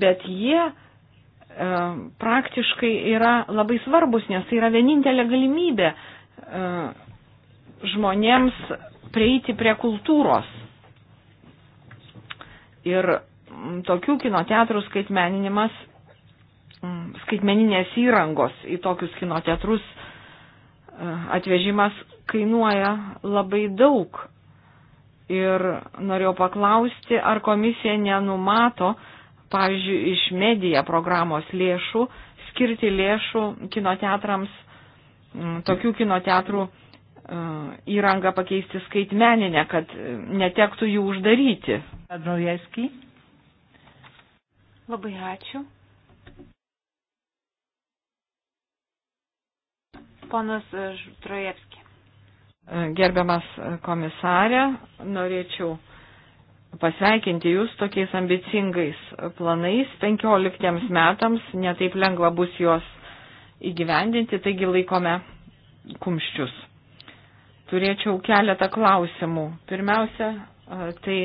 bet jie e, praktiškai yra labai svarbus, nes tai yra vienintelė galimybė e, žmonėms prieiti prie kultūros. Ir tokių kino teatrų skaitmeninimas, skaitmeninės įrangos į tokius kino teatrus atvežimas kainuoja labai daug. Ir norėjau paklausti, ar komisija nenumato, pavyzdžiui, iš medija programos lėšų, skirti lėšų kinoteatrams, tokių kinoteatrų e, įrangą pakeisti skaitmeninę, kad netektų jų uždaryti. Adrojevski. Labai ačiū. Ponas Trojevski. E, e, gerbiamas komisarė, norėčiau pasveikinti jūs tokiais ambicingais planais. 15 metams netaip lengva bus juos įgyvendinti, taigi laikome kumščius. Turėčiau keletą klausimų. Pirmiausia, e, tai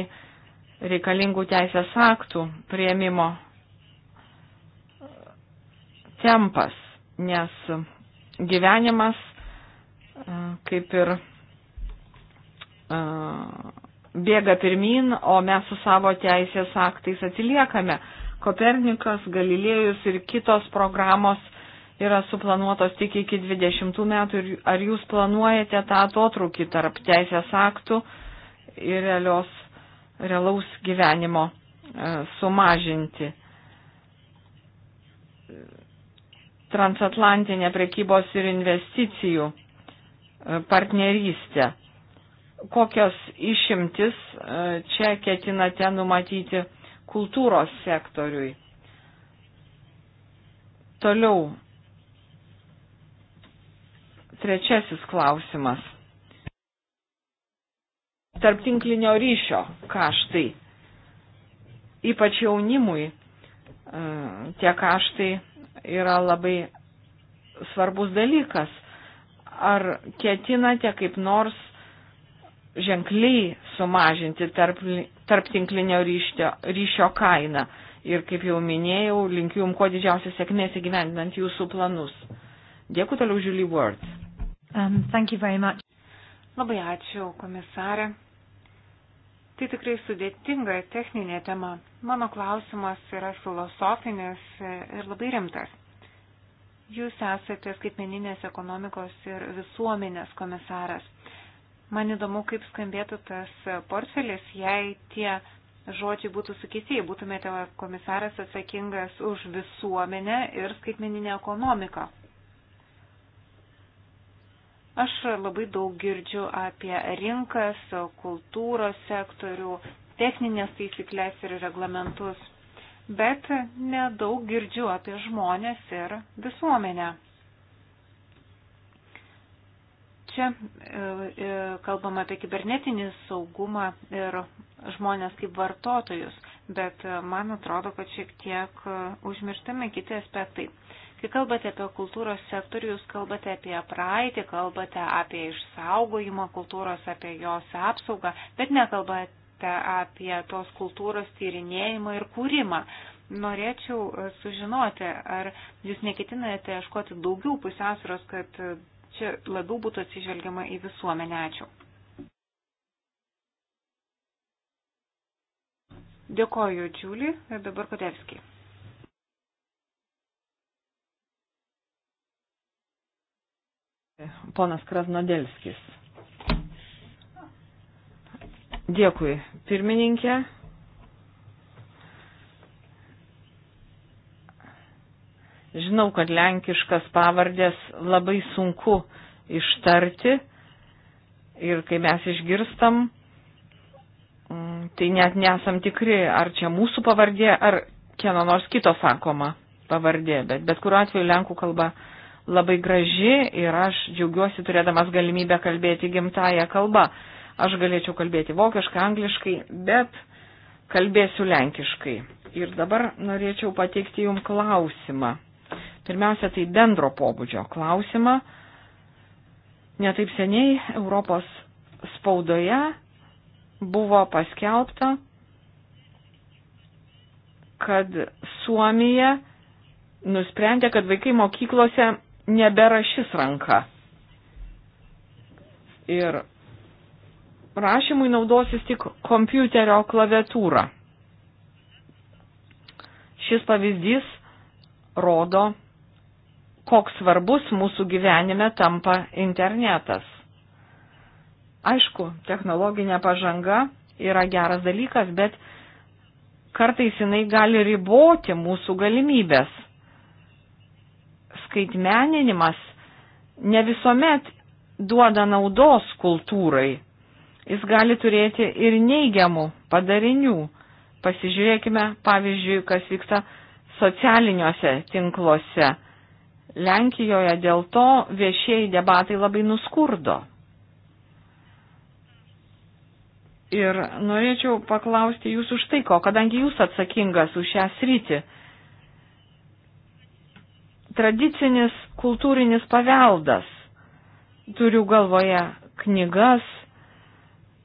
reikalingų teisės aktų prieimimo tempas, nes gyvenimas, kaip ir bėga pirmin, o mes su savo teisės aktais atsiliekame. Kopernikas, Galilėjus ir kitos programos yra suplanuotos tik iki 20 metų ir ar jūs planuojate tą atotrukį tarp teisės aktų ir realios, realaus gyvenimo sumažinti? transatlantinę prekybos ir investicijų e, partnerystę. Kokios išimtis e, čia ketinate numatyti kultūros sektoriui? Toliau. Trečiasis klausimas. Tarptinklinio ryšio kaštai. Ypač jaunimui e, tie kaštai yra labai svarbus dalykas. Ar ketinate kaip nors ženkliai sumažinti tarp, tarp tinklinio ryšio, ryšio kainą? Ir kaip jau minėjau, linkiu Jums kuo didžiausios sėkmės įgyvendinant Jūsų planus. Dėkui toliau, Julie Ward. Um, Labai ačiū, komisarė. Tai tikrai sudėtinga techninė tema. Mano klausimas yra filosofinis ir labai rimtas. Jūs esate skaitmeninės ekonomikos ir visuomenės komisaras. Man įdomu, kaip skambėtų tas portfelis, jei tie žodžiai būtų sukeitėjai. Būtumėte komisaras atsakingas už visuomenę ir skaitmeninę ekonomiką. Aš labai daug girdžiu apie rinkas, kultūros sektorių, techninės taisyklės ir reglamentus, bet nedaug girdžiu apie žmonės ir visuomenę. Čia e, e, kalbam apie kibernetinį saugumą ir žmonės kaip vartotojus, bet e, man atrodo, kad šiek tiek užmirštami kiti aspektai. Kai kalbate apie kultūros sektorių, jūs kalbate apie praeitį, kalbate apie išsaugojimą kultūros, apie jos apsaugą, bet nekalbate apie tos kultūros tyrinėjimą ir kūrimą. Norėčiau e, sužinoti, ar jūs neketinate ieškoti daugiau pusiausvėros, kad e, čia labiau būtų atsižvelgiama į visuomenę. Ačiū. Dėkoju, Džiulį, dabar Kodevskiai. Ponas Krasnodelskis. Dėkui, pirmininkė. Žinau, kad lenkiškas pavardės labai sunku ištarti ir kai mes išgirstam, mm, tai net nesam tikri, ar čia mūsų pavardė, ar kieno nors kito sakoma pavardė, bet bet kuriuo atveju lenkų kalba labai graži ir aš džiaugiuosi turėdamas galimybę kalbėti gimtają kalbą. Aš galėčiau kalbėti vokiškai, angliškai, bet kalbėsiu lenkiškai. Ir dabar norėčiau pateikti jum klausimą. Pirmiausia, tai bendro pobūdžio klausimą. Netaip seniai Europos spaudoje buvo paskelbta, kad Suomija nusprendė, kad vaikai mokyklose nebėra šis ranka. Ir rašymui naudosis tik kompiuterio klaviatūra. Šis pavyzdys rodo, koks svarbus mūsų gyvenime tampa internetas. Aišku, technologinė pažanga yra geras dalykas, bet kartais jinai gali riboti mūsų galimybės skaitmeninimas ne visuomet duoda naudos kultūrai. Jis gali turėti ir neigiamų padarinių. Pasižiūrėkime, pavyzdžiui, kas vyksta socialiniuose tinkluose. Lenkijoje dėl to viešieji debatai labai nuskurdo. Ir norėčiau paklausti jūsų štai ko, kadangi jūs atsakingas už šią sritį tradicinis kultūrinis paveldas. Turiu galvoje knygas.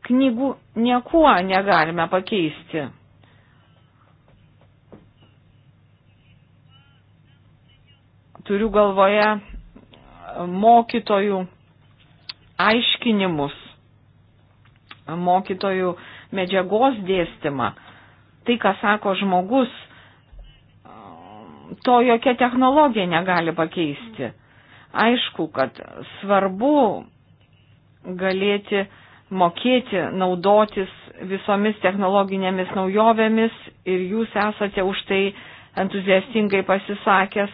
Knygų niekuo negalime pakeisti. Turiu galvoje mokytojų aiškinimus, mokytojų medžiagos dėstymą. Tai, ką sako žmogus, to jokia technologija negali pakeisti. Aišku, kad svarbu galėti mokėti naudotis visomis technologinėmis naujovėmis ir jūs esate už tai entuziastingai pasisakęs,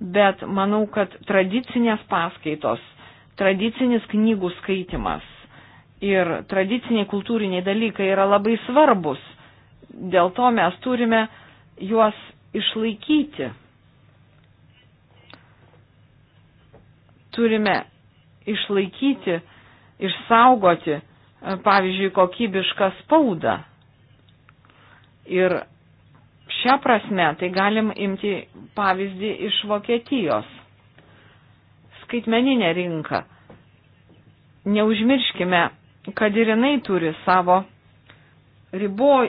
bet manau, kad tradicinės paskaitos, tradicinis knygų skaitimas ir tradiciniai kultūriniai dalykai yra labai svarbus. Dėl to mes turime juos išlaikyti. Turime išlaikyti, išsaugoti, e, pavyzdžiui, kokybišką spaudą. Ir šią prasme tai galim imti pavyzdį iš Vokietijos. Skaitmeninė rinka. Neužmirškime, kad ir jinai turi savo ribo,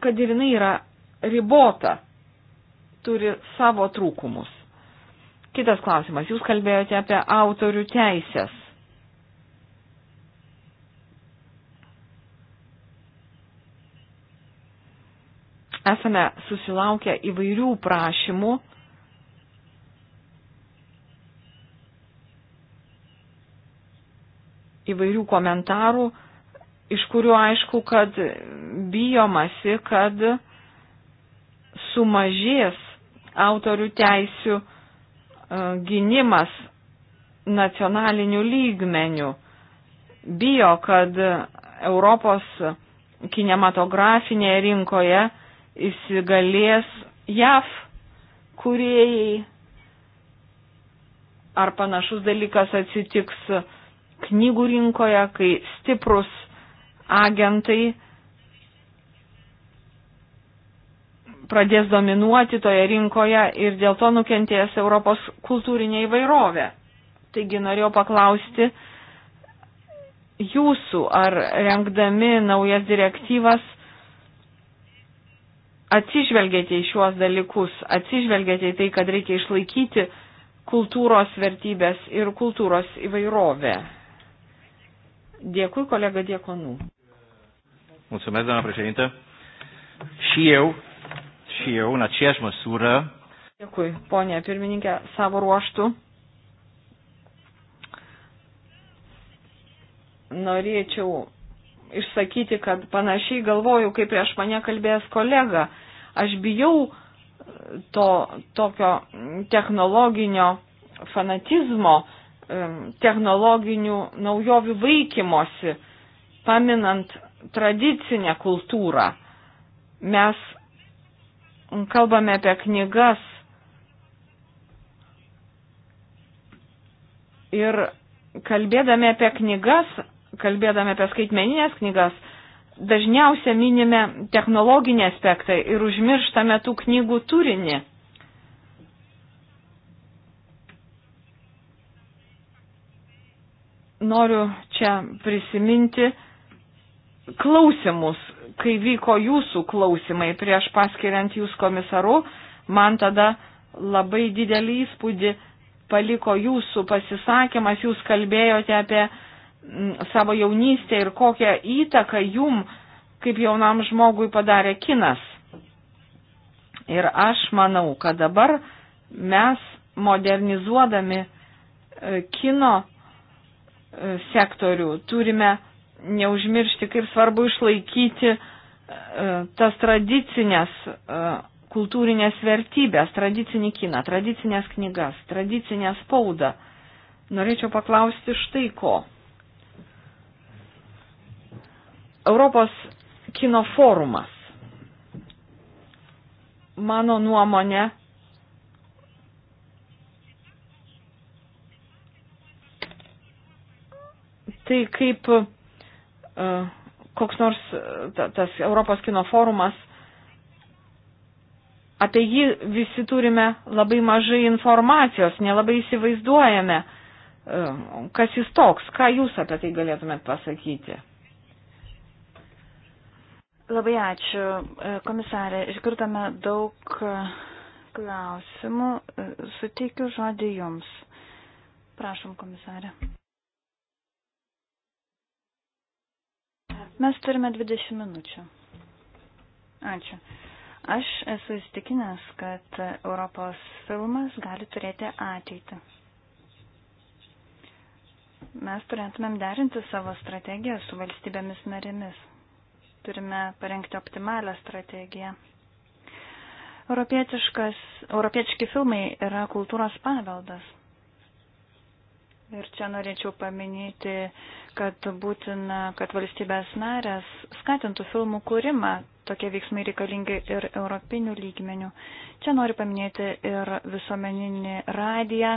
kad ir jinai yra ribota turi savo trūkumus. Kitas klausimas. Jūs kalbėjote apie autorių teisės. Esame susilaukę įvairių prašymų įvairių komentarų, iš kurių aišku, kad bijomasi, kad sumažės autorių teisių e, gynimas nacionalinių lygmenių. Bijo, kad Europos kinematografinėje rinkoje įsigalės JAV kuriejai ar panašus dalykas atsitiks knygų rinkoje, kai stiprus agentai pradės dominuoti toje rinkoje ir dėl to nukentės Europos kultūrinė įvairovė. Taigi norėjau paklausti jūsų, ar rengdami naujas direktyvas atsižvelgėte į šiuos dalykus, atsižvelgėte į tai, kad reikia išlaikyti kultūros vertybės ir kultūros įvairovę. Dėkui, kolega Diekonų. Mulțumesc, doamna președintă. Și eu și eu, în aceeași măsură. Dėkui, ponė pirmininkė, savo ruoštų. Norėčiau išsakyti, kad panašiai galvoju, kaip prieš mane kalbėjęs kolega. Aš bijau to tokio technologinio fanatizmo, technologinių naujovių vaikymosi, paminant tradicinę kultūrą. Mes kalbame apie knygas ir kalbėdami apie knygas, kalbėdami apie skaitmeninės knygas, dažniausia minime technologinį aspektą ir užmirštame tų knygų turinį. Noriu čia prisiminti, klausimus, kai vyko jūsų klausimai prieš paskiriant jūs komisaru, man tada labai didelį įspūdį paliko jūsų pasisakymas, jūs kalbėjote apie mm, savo jaunystę ir kokią įtaką jum kaip jaunam žmogui padarė kinas. Ir aš manau, kad dabar mes modernizuodami e, kino e, sektorių turime neužmiršti, kaip svarbu išlaikyti e, tas tradicinės e, kultūrinės vertybės, tradicinį kiną, tradicinės knygas, tradicinę spaudą. Norėčiau paklausti štai ko. Europos kino forumas. Mano nuomonė, tai kaip E, koks nors e, tas Europos kino forumas, apie jį visi turime labai mažai informacijos, nelabai įsivaizduojame, e, kas jis toks, ką jūs apie tai galėtumėt pasakyti. Labai ačiū, komisarė. Išgirdome daug klausimų. Suteikiu žodį jums. Prašom, komisarė. Mes turime 20 minučių. Ačiū. Aš esu įstikinęs, kad Europos filmas gali turėti ateitį. Mes turėtumėm derinti savo strategiją su valstybėmis narėmis. Turime parengti optimalią strategiją. Europietiški filmai yra kultūros paveldas. Ir čia norėčiau paminėti, kad būtina, kad valstybės narės skatintų filmų kūrimą. Tokie veiksmai reikalingi ir europinių lygmenių. Čia noriu paminėti ir visuomeninį radiją.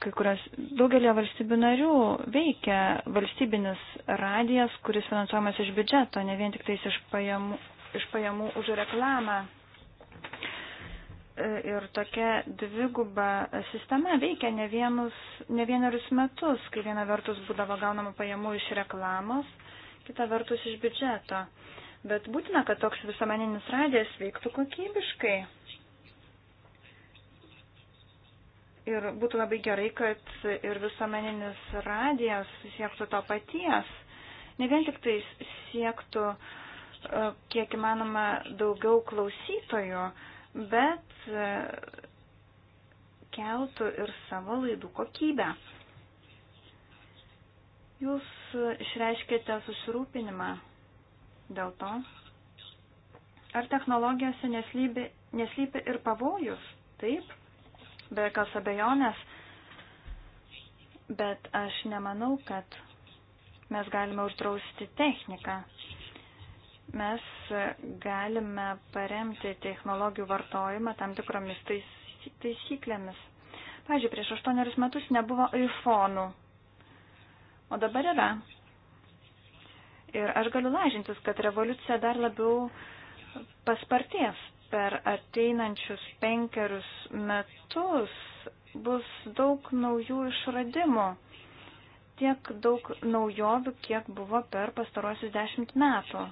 Kai kurias daugelio valstybių narių veikia valstybinis radijas, kuris finansuojamas iš biudžeto, ne vien tik tais iš pajamų, iš pajamų už reklamą ir tokia dviguba sistema veikia ne, vienus, ne vienerius metus, kai viena vertus būdavo gaunama pajamų iš reklamos, kita vertus iš biudžeto. Bet būtina, kad toks visuomeninis radijas veiktų kokybiškai. Ir būtų labai gerai, kad ir visuomeninis radijas siektų to paties. Ne vien tik tai siektų e, kiek įmanoma daugiau klausytojų, bet E, keltų ir savo laidų kokybę. Jūs išreiškite susirūpinimą dėl to, ar technologijose neslypi, neslypi ir pavojus. Taip, be jokios abejonės, bet aš nemanau, kad mes galime uždrausti techniką mes galime paremti technologijų vartojimą tam tikromis tais, taisyklėmis. Pavyzdžiui, prieš aštuonerius metus nebuvo iPhone'ų, o dabar yra. Ir aš galiu lažintis, kad revoliucija dar labiau paspartės. Per ateinančius penkerius metus bus daug naujų išradimų tiek daug naujovių, kiek buvo per pastaruosius dešimt metų.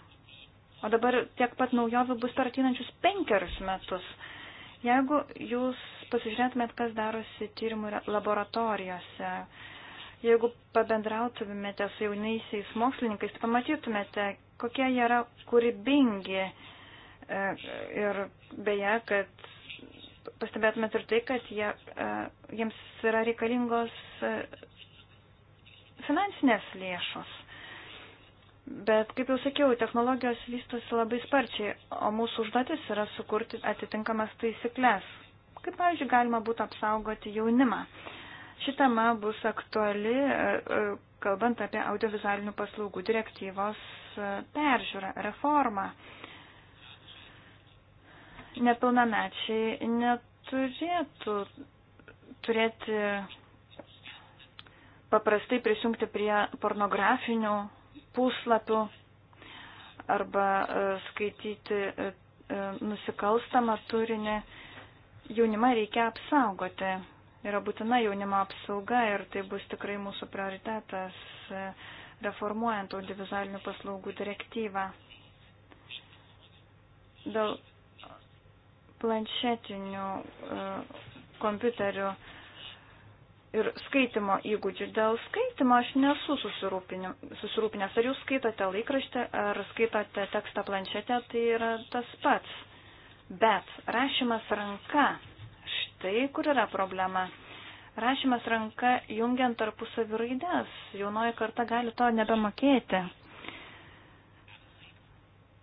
O dabar tiek pat naujovių bus per ateinančius penkerius metus. Jeigu jūs pasižiūrėtumėt, kas darosi tyrimų laboratorijose, jeigu pabendrautumėte su jaunaisiais mokslininkais, tai pamatytumėte, kokie jie yra kūrybingi. E, ir beje, kad pastebėtumėt ir tai, kad jie, e, jiems yra reikalingos e, finansinės lėšos. Bet, kaip jau sakiau, technologijos vystosi labai sparčiai, o mūsų užduotis yra sukurti atitinkamas taisyklės. Kaip, pavyzdžiui, galima būtų apsaugoti jaunimą. Ši tema bus aktuali, e, e, kalbant apie audiovizualinių paslaugų direktyvos e, peržiūrą, reformą. Nepilnamečiai neturėtų turėti paprastai prisijungti prie pornografinių puslapių arba e, skaityti e, e, nusikalstamą turinį. Jaunimą reikia apsaugoti. Yra būtina jaunimo apsauga ir tai bus tikrai mūsų prioritetas reformuojant audiovizualinių paslaugų direktyvą. Dėl planšetinių kompiuterių uh, ir skaitimo įgūdžių. Dėl skaitimo aš nesu susirūpinęs. Ar jūs skaitote laikraštį, ar skaitote tekstą planšetę, tai yra tas pats. Bet rašymas ranka, štai kur yra problema. Rašymas ranka jungiant tarpusavį raidės, jaunoji karta gali to nebemokėti.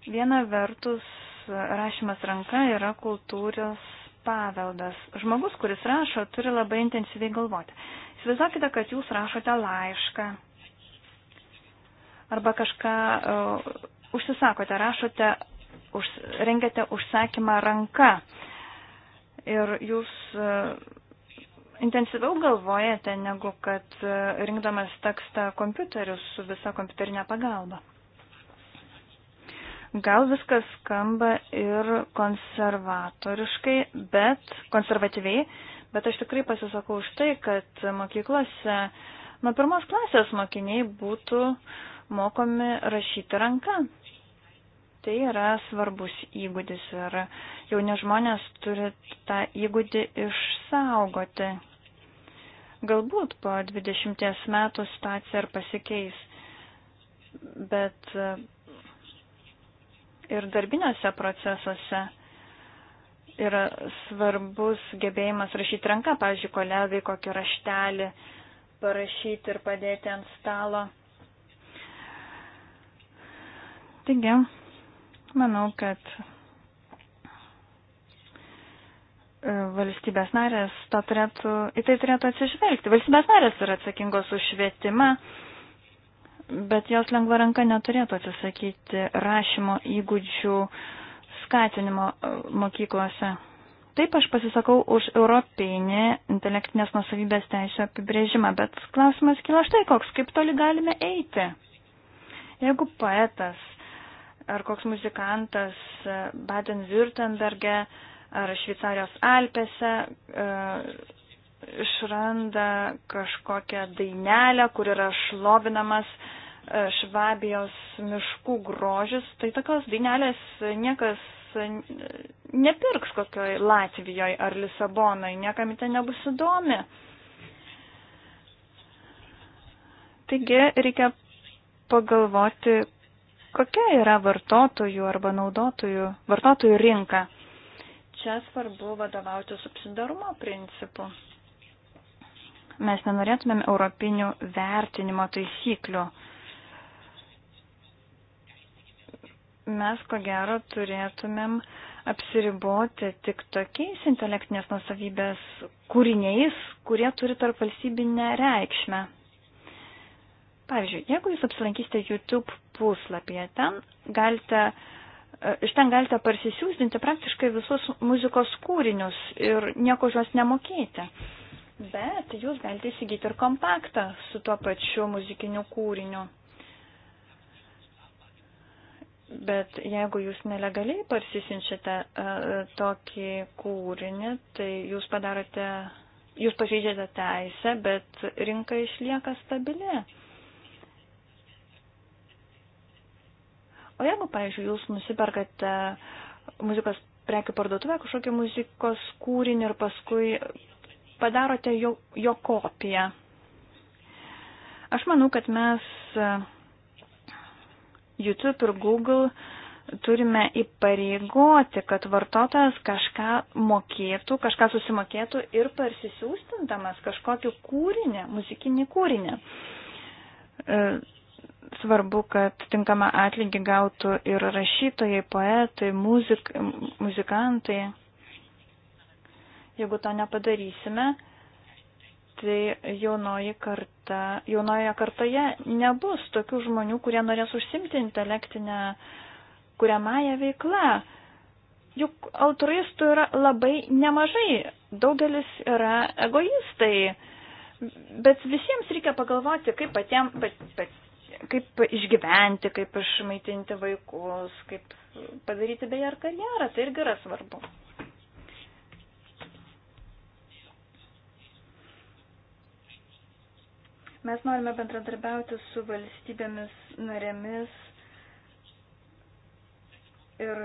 Viena vertus, rašymas ranka yra kultūros paveldas. Žmogus, kuris rašo, turi labai intensyviai galvoti. Įsivaizduokite, kad jūs rašote laišką arba kažką uh, užsisakote, rašote, už, rengiate užsakymą ranka ir jūs uh, intensyviau galvojate, negu kad uh, rinkdamas tekstą kompiuteriu su visa kompiuterinė pagalba. Gal viskas skamba ir konservatoriškai, bet konservatyviai, bet aš tikrai pasisakau už tai, kad mokyklose nuo pirmos klasės mokiniai būtų mokomi rašyti ranka. Tai yra svarbus įgūdis ir jauni žmonės turi tą įgūdį išsaugoti. Galbūt po 20 metų situacija ir pasikeis, bet ir darbiniuose procesuose yra svarbus gebėjimas rašyti ranką, pavyzdžiui, kolegai kokį raštelį parašyti ir padėti ant stalo. Taigi, manau, kad e, valstybės narės to turėtų, į tai turėtų atsižvelgti. Valstybės narės yra atsakingos už švietimą, bet jos lengva ranka neturėtų atsisakyti rašymo įgūdžių skatinimo e, mokyklose. Taip aš pasisakau už europinį intelektinės nusavybės teisų apibrėžimą, bet klausimas kyla štai koks, kaip toli galime eiti. Jeigu poetas ar koks muzikantas e, Baden-Württemberge ar Šveicarijos Alpėse e, išranda kažkokią dainelę, kur yra šlovinamas uh, Švabijos miškų grožis, tai tokios dainelės niekas nepirks kokioj Latvijoje ar Lisabonoje, niekam ten tai nebus įdomi. Taigi reikia pagalvoti, kokia yra vartotojų arba naudotojų, vartotojų rinka. Čia svarbu vadovauti subsidarumo principu. Mes nenorėtumėm europinių vertinimo taisyklių. Uh, mes ko gero turėtumėm apsiriboti tik tokiais intelektinės nusavybės kūriniais, kurie turi tarp valstybinę reikšmę. Pavyzdžiui, jeigu jūs apsilankysite YouTube puslapyje, ten galite, e, iš ten galite parsisiųsdinti praktiškai visus muzikos kūrinius ir nieko už juos nemokėti. Bet jūs galite įsigyti ir kompaktą su tuo pačiu muzikiniu kūriniu. Bet jeigu jūs nelegaliai parsisinčiate e, tokį kūrinį, tai jūs padarote, jūs pažeidžiate teisę, bet rinka išlieka stabili. O jeigu, pavyzdžiui, jūs nusiperkate muzikos prekių parduotuvę kažkokį muzikos kūrinį ir paskui padarote jo, jo kopiją. Aš manau, kad mes YouTube ir Google turime įpareigoti, kad vartotojas kažką mokėtų, kažką susimokėtų ir parsisiųstindamas kažkokį kūrinį, muzikinį kūrinį. E, svarbu, kad tinkamą atlygį gautų ir rašytojai, poetai, muzik, muzikantai. Jeigu to nepadarysime, tai jaunoji karta karta, jaunoje kartoje nebus tokių žmonių, kurie norės užsimti intelektinę kuriamąją veiklą. Juk altruistų yra labai nemažai, daugelis yra egoistai, bet visiems reikia pagalvoti, kaip, patiem, pat, pat, kaip išgyventi, kaip išmaitinti vaikus, kaip padaryti beje ar karjerą, tai irgi yra svarbu. Mes norime bendradarbiauti su valstybėmis narėmis ir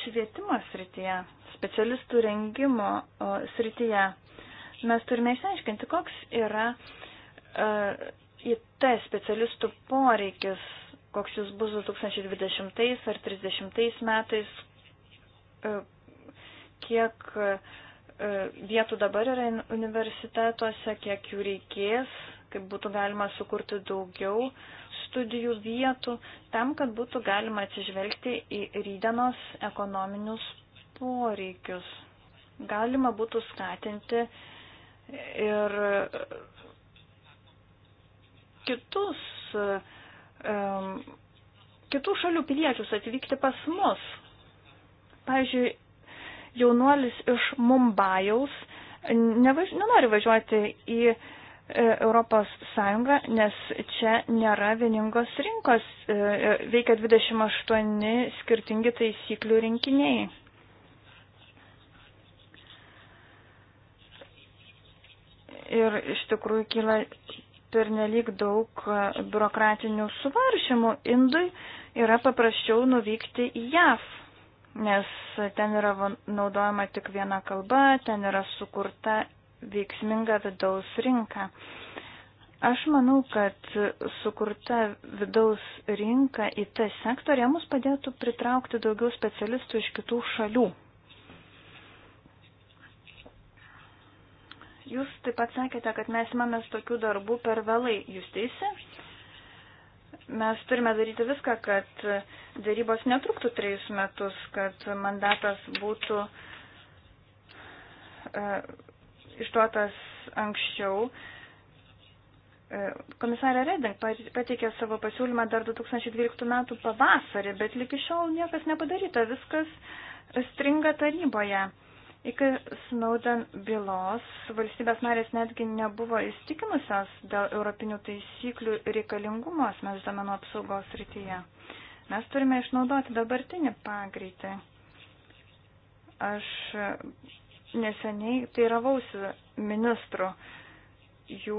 švietimo srityje, specialistų rengimo srityje. Mes turime išsiaiškinti, koks yra e, IT tai specialistų poreikis, koks jis bus 2020 ar 2030 metais, e, kiek e, vietų dabar yra universitetuose, kiek jų reikės kaip būtų galima sukurti daugiau studijų vietų, tam, kad būtų galima atsižvelgti į rydienos ekonominius poreikius. Galima būtų skatinti ir kitus, um, kitų šalių piliečius atvykti pas mus. Pavyzdžiui, jaunuolis iš Mumbajaus nevaž, nenori važiuoti į uh, ES, nes čia nėra vieningos rinkos, e, e, veikia 28 skirtingi taisyklių rinkiniai. Ir iš tikrųjų kyla per nelik daug e, biurokratinių suvaršymų. Indui yra paprasčiau nuvykti į JAV, nes ten yra naudojama tik viena kalba, ten yra sukurta veiksmingą vidaus rinką. Aš manau, kad sukurta vidaus rinka į tą sektorį mus padėtų pritraukti daugiau specialistų iš kitų šalių. Jūs taip pat sakėte, kad mes imamės tokių darbų per vėlai. Jūs teisi? Mes turime daryti viską, kad darybos netruktų trejus metus, kad mandatas būtų e, išduotas anksčiau. E, komisarė Reding pateikė savo pasiūlymą dar 2012 metų pavasarį, bet liki šiol niekas nepadaryta, viskas stringa taryboje. Iki Snowden bylos valstybės narės netgi nebuvo įstikinusios dėl europinių taisyklių reikalingumo asmens domenų apsaugos rytyje. Mes turime išnaudoti dabartinį pagreitį. Aš neseniai teiravausi ministrų, jų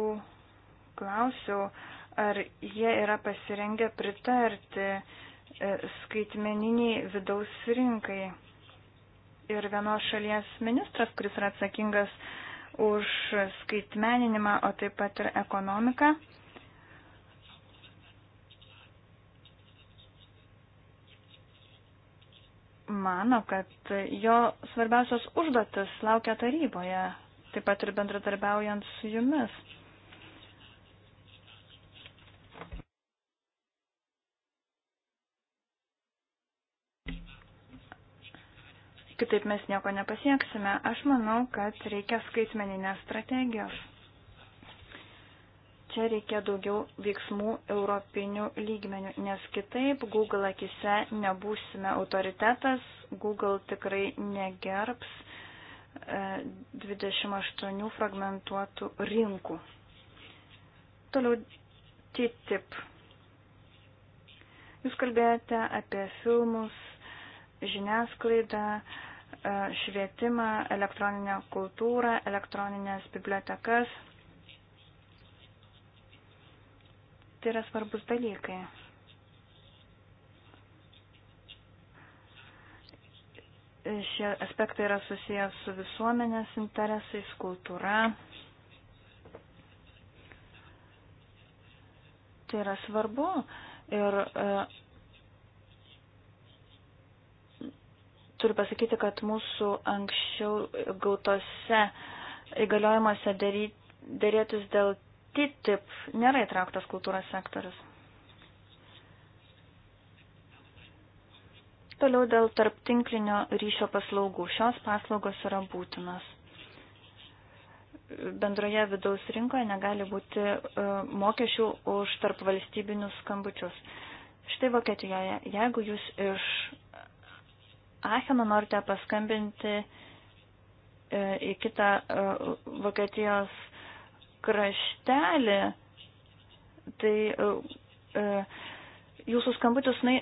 klausiau, ar jie yra pasirengę pritarti e, skaitmeniniai vidaus rinkai. Ir vienos šalies ministras, kuris yra atsakingas už skaitmeninimą, o taip pat ir ekonomiką, mano, kad jo svarbiausios užduotis laukia taryboje, taip pat ir bendradarbiaujant su jumis. Kitaip mes nieko nepasieksime. Aš manau, kad reikia skaitmeninės strategijos. Čia reikia daugiau veiksmų europinių lygmenių, nes kitaip Google akise nebūsime autoritetas, Google tikrai negerbs 28 e, fragmentuotų rinkų. Toliau TTIP. Jūs kalbėjote apie filmus, žiniasklaidą, e, švietimą, elektroninę kultūrą, elektroninės bibliotekas. Tai yra svarbus dalykai. Šie aspektai yra susijęs su visuomenės interesais, kultūra. Tai yra svarbu. Ir e, turiu pasakyti, kad mūsų anksčiau gautose įgaliojimuose dėrėtis dėl TTIP nėra įtrauktas kultūros sektorius. Toliau dėl tarptinklinio ryšio paslaugų. Šios paslaugos yra būtinos. Bendroje vidaus rinkoje negali būti e, mokesčių už tarp valstybinius skambučius. Štai Vokietijoje, jeigu jūs iš Acheno norite paskambinti e, į kitą e, Vokietijos kraštelį, tai e, e, jūsų skambutis e,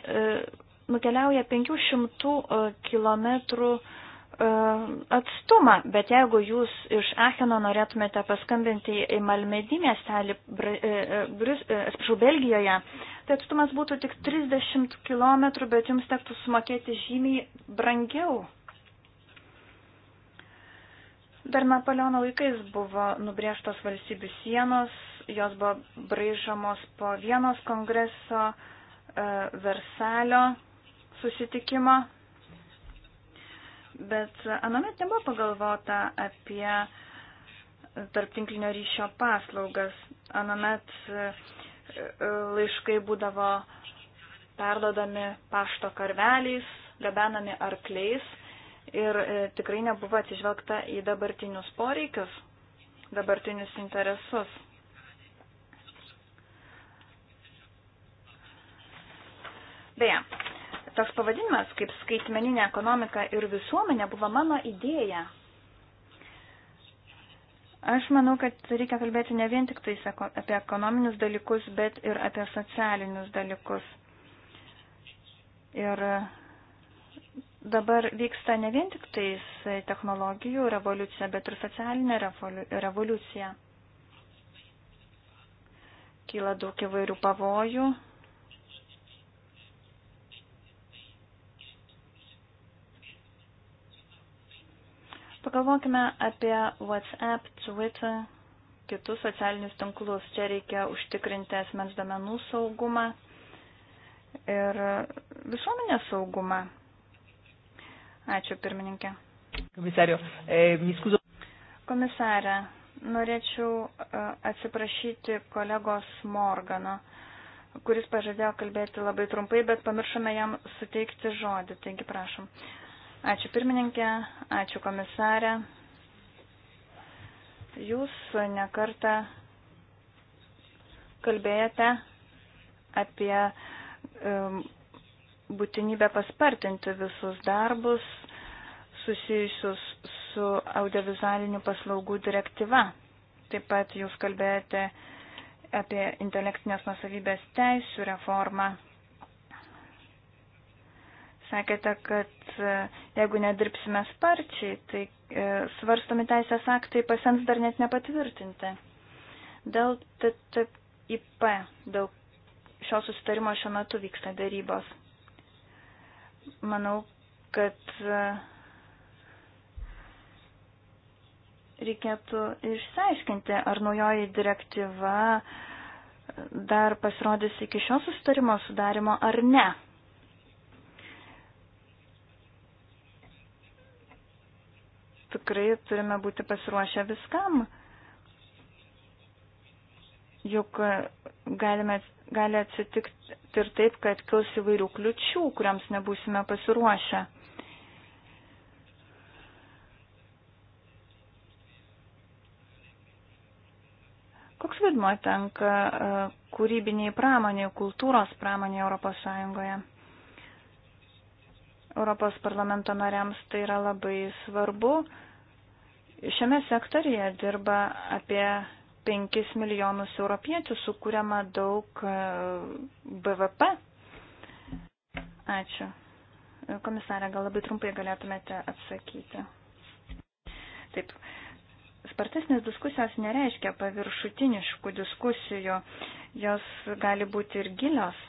nukeliauja 500 km atstumą, bet jeigu jūs iš Acheno norėtumėte paskambinti į Malmedy miestelį, atsiprašau, Belgijoje, tai atstumas būtų tik 30 km, bet jums tektų sumokėti žymiai brangiau. Dar Napoleono laikais buvo nubrėžtos valstybių sienos, jos buvo braižamos po vienos kongreso e, Versalio susitikimo, bet anomet nebuvo pagalvota apie tarptinklinio ryšio paslaugas. Anomet e, e, laiškai būdavo perdodami pašto karveliais, gabenami arkliais ir e, tikrai nebuvo atsižvelgta į dabartinius poreikius, dabartinius interesus. Beje, toks pavadinimas kaip skaitmeninė ekonomika ir visuomenė buvo mano idėja. Aš manau, kad reikia kalbėti ne vien tik tais apie ekonominius dalykus, bet ir apie socialinius dalykus. Ir dabar vyksta ne vien tik tais technologijų revoliucija, bet ir socialinė revoliucija. Kyla daug įvairių pavojų. Pagalvokime apie WhatsApp, Twitter, kitus socialinius tinklus. Čia reikia užtikrinti asmens domenų saugumą ir visuomenės saugumą. Ačiū, pirmininkė. Komisario, e, miskuzo. Komisarė, norėčiau e, atsiprašyti kolegos Morgano, kuris pažadėjo kalbėti labai trumpai, bet pamiršome jam suteikti žodį. Taigi, prašom. Ačiū pirmininkė, ačiū komisarė. Jūs nekartą kalbėjote apie um, būtinybę paspartinti visus darbus susijusius su audiovizualinių paslaugų direktyva. Taip pat jūs kalbėjote apie intelektinės nusavybės teisų reformą. Sakėte, kad e, jeigu nedirbsime sparčiai, tai e, svarstomi teisės aktai pasens dar net nepatvirtinti. Dėl TTIP, dėl šio susitarimo šiuo metu vyksta darybos. Manau, kad e, reikėtų išsiaiškinti, ar naujoji direktyva dar pasirodys iki šio sustarimo sudarimo ar ne. Tikrai turime būti pasiruošę viskam. Juk galime, gali atsitikti, ir taip, kad kils įvairių kliučių, kuriams nebūsime pasiruošę. Koks vaidmuo tenka e, kūrybiniai pramoniai, kultūros pramoniai Europos Sąjungoje? Europos parlamento nariams tai yra labai svarbu. Šiame sektorija dirba apie 5 milijonus europiečių sukūrėma daug e, BVP. Ačiū. Komisarė, gal labai trumpai galėtumėte atsakyti. Taip. Spartesnės diskusijos nereiškia paviršutiniškų diskusijų, jos gali būti ir gilios.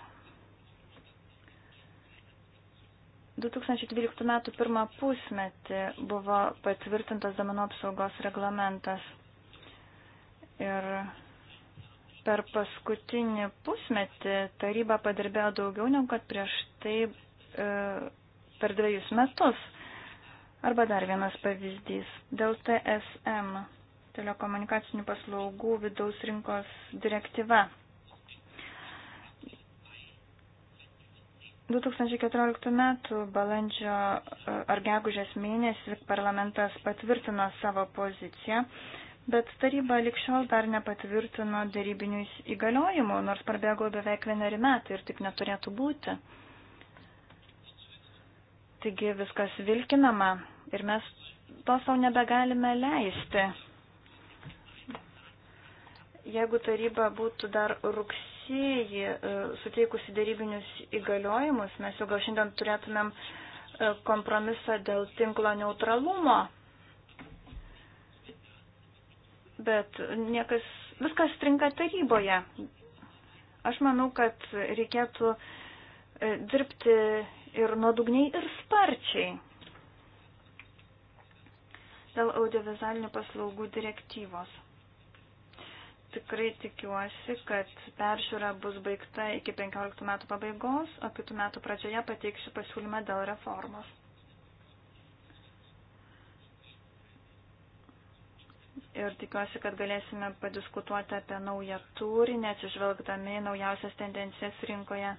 2012 m. pirmą pusmetį buvo patvirtintas domenų apsaugos reglamentas Ir per paskutinį pusmetį taryba padirbėjo daugiau negu kad prieš tai e, per dviejus metus. Arba dar vienas pavyzdys. Dėl TSM, telekomunikacinių paslaugų vidaus rinkos direktyva. 2014 m. balandžio e, ar gegužės mėnesį parlamentas patvirtino savo poziciją bet taryba likščiol dar nepatvirtino darybinių įgaliojimų, nors prabėgo beveik vieneri metai ir taip neturėtų būti. Taigi viskas vilkinama ir mes to savo nebegalime leisti. Jeigu taryba būtų dar rugsėjį e, suteikusi darybinius įgaliojimus, mes jau gal šiandien turėtumėm e, kompromisą dėl tinklo neutralumo bet niekas, viskas stringa taryboje. Aš manau, kad reikėtų e, dirbti ir nuodugniai, ir sparčiai dėl audiovizualinių paslaugų direktyvos. Tikrai tikiuosi, kad peržiūra bus baigta iki 15 metų pabaigos, o kitų metų pradžioje pateiksiu pasiūlymą dėl reformos. ir tikiuosi, kad galėsime padiskutuoti apie naują turinį, atsižvelgdami naujausias tendencijas rinkoje.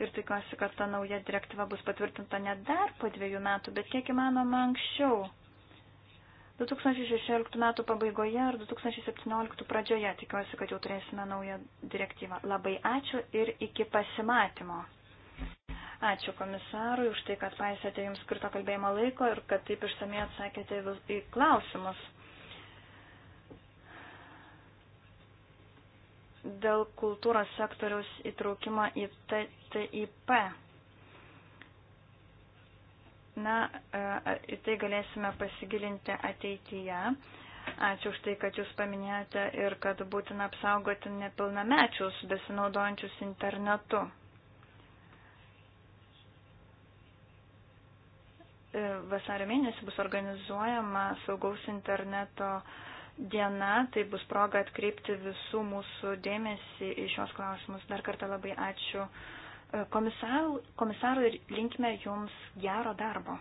Ir tikiuosi, kad ta nauja direktyva bus patvirtinta ne dar po dviejų metų, bet kiek įmanoma anksčiau. 2016 metų pabaigoje ar 2017 pradžioje tikiuosi, kad jau turėsime naują direktyvą. Labai ačiū ir iki pasimatymo. Ačiū komisarui už tai, kad paisėte jums skirto kalbėjimo laiko ir kad taip išsamei atsakėte į klausimus. dėl kultūros sektoriaus įtraukimo į TTIP. Na, e, e, į tai galėsime pasigilinti ateityje. Ačiū už tai, kad jūs paminėjote ir kad būtina apsaugoti nepilnamečius besinaudojančius internetu. E, vasario mėnesį bus organizuojama saugaus interneto uh, diena, tai bus proga atkreipti visų mūsų dėmesį į šios klausimus. Dar kartą labai ačiū e, komisarui ir linkime jums gero darbo.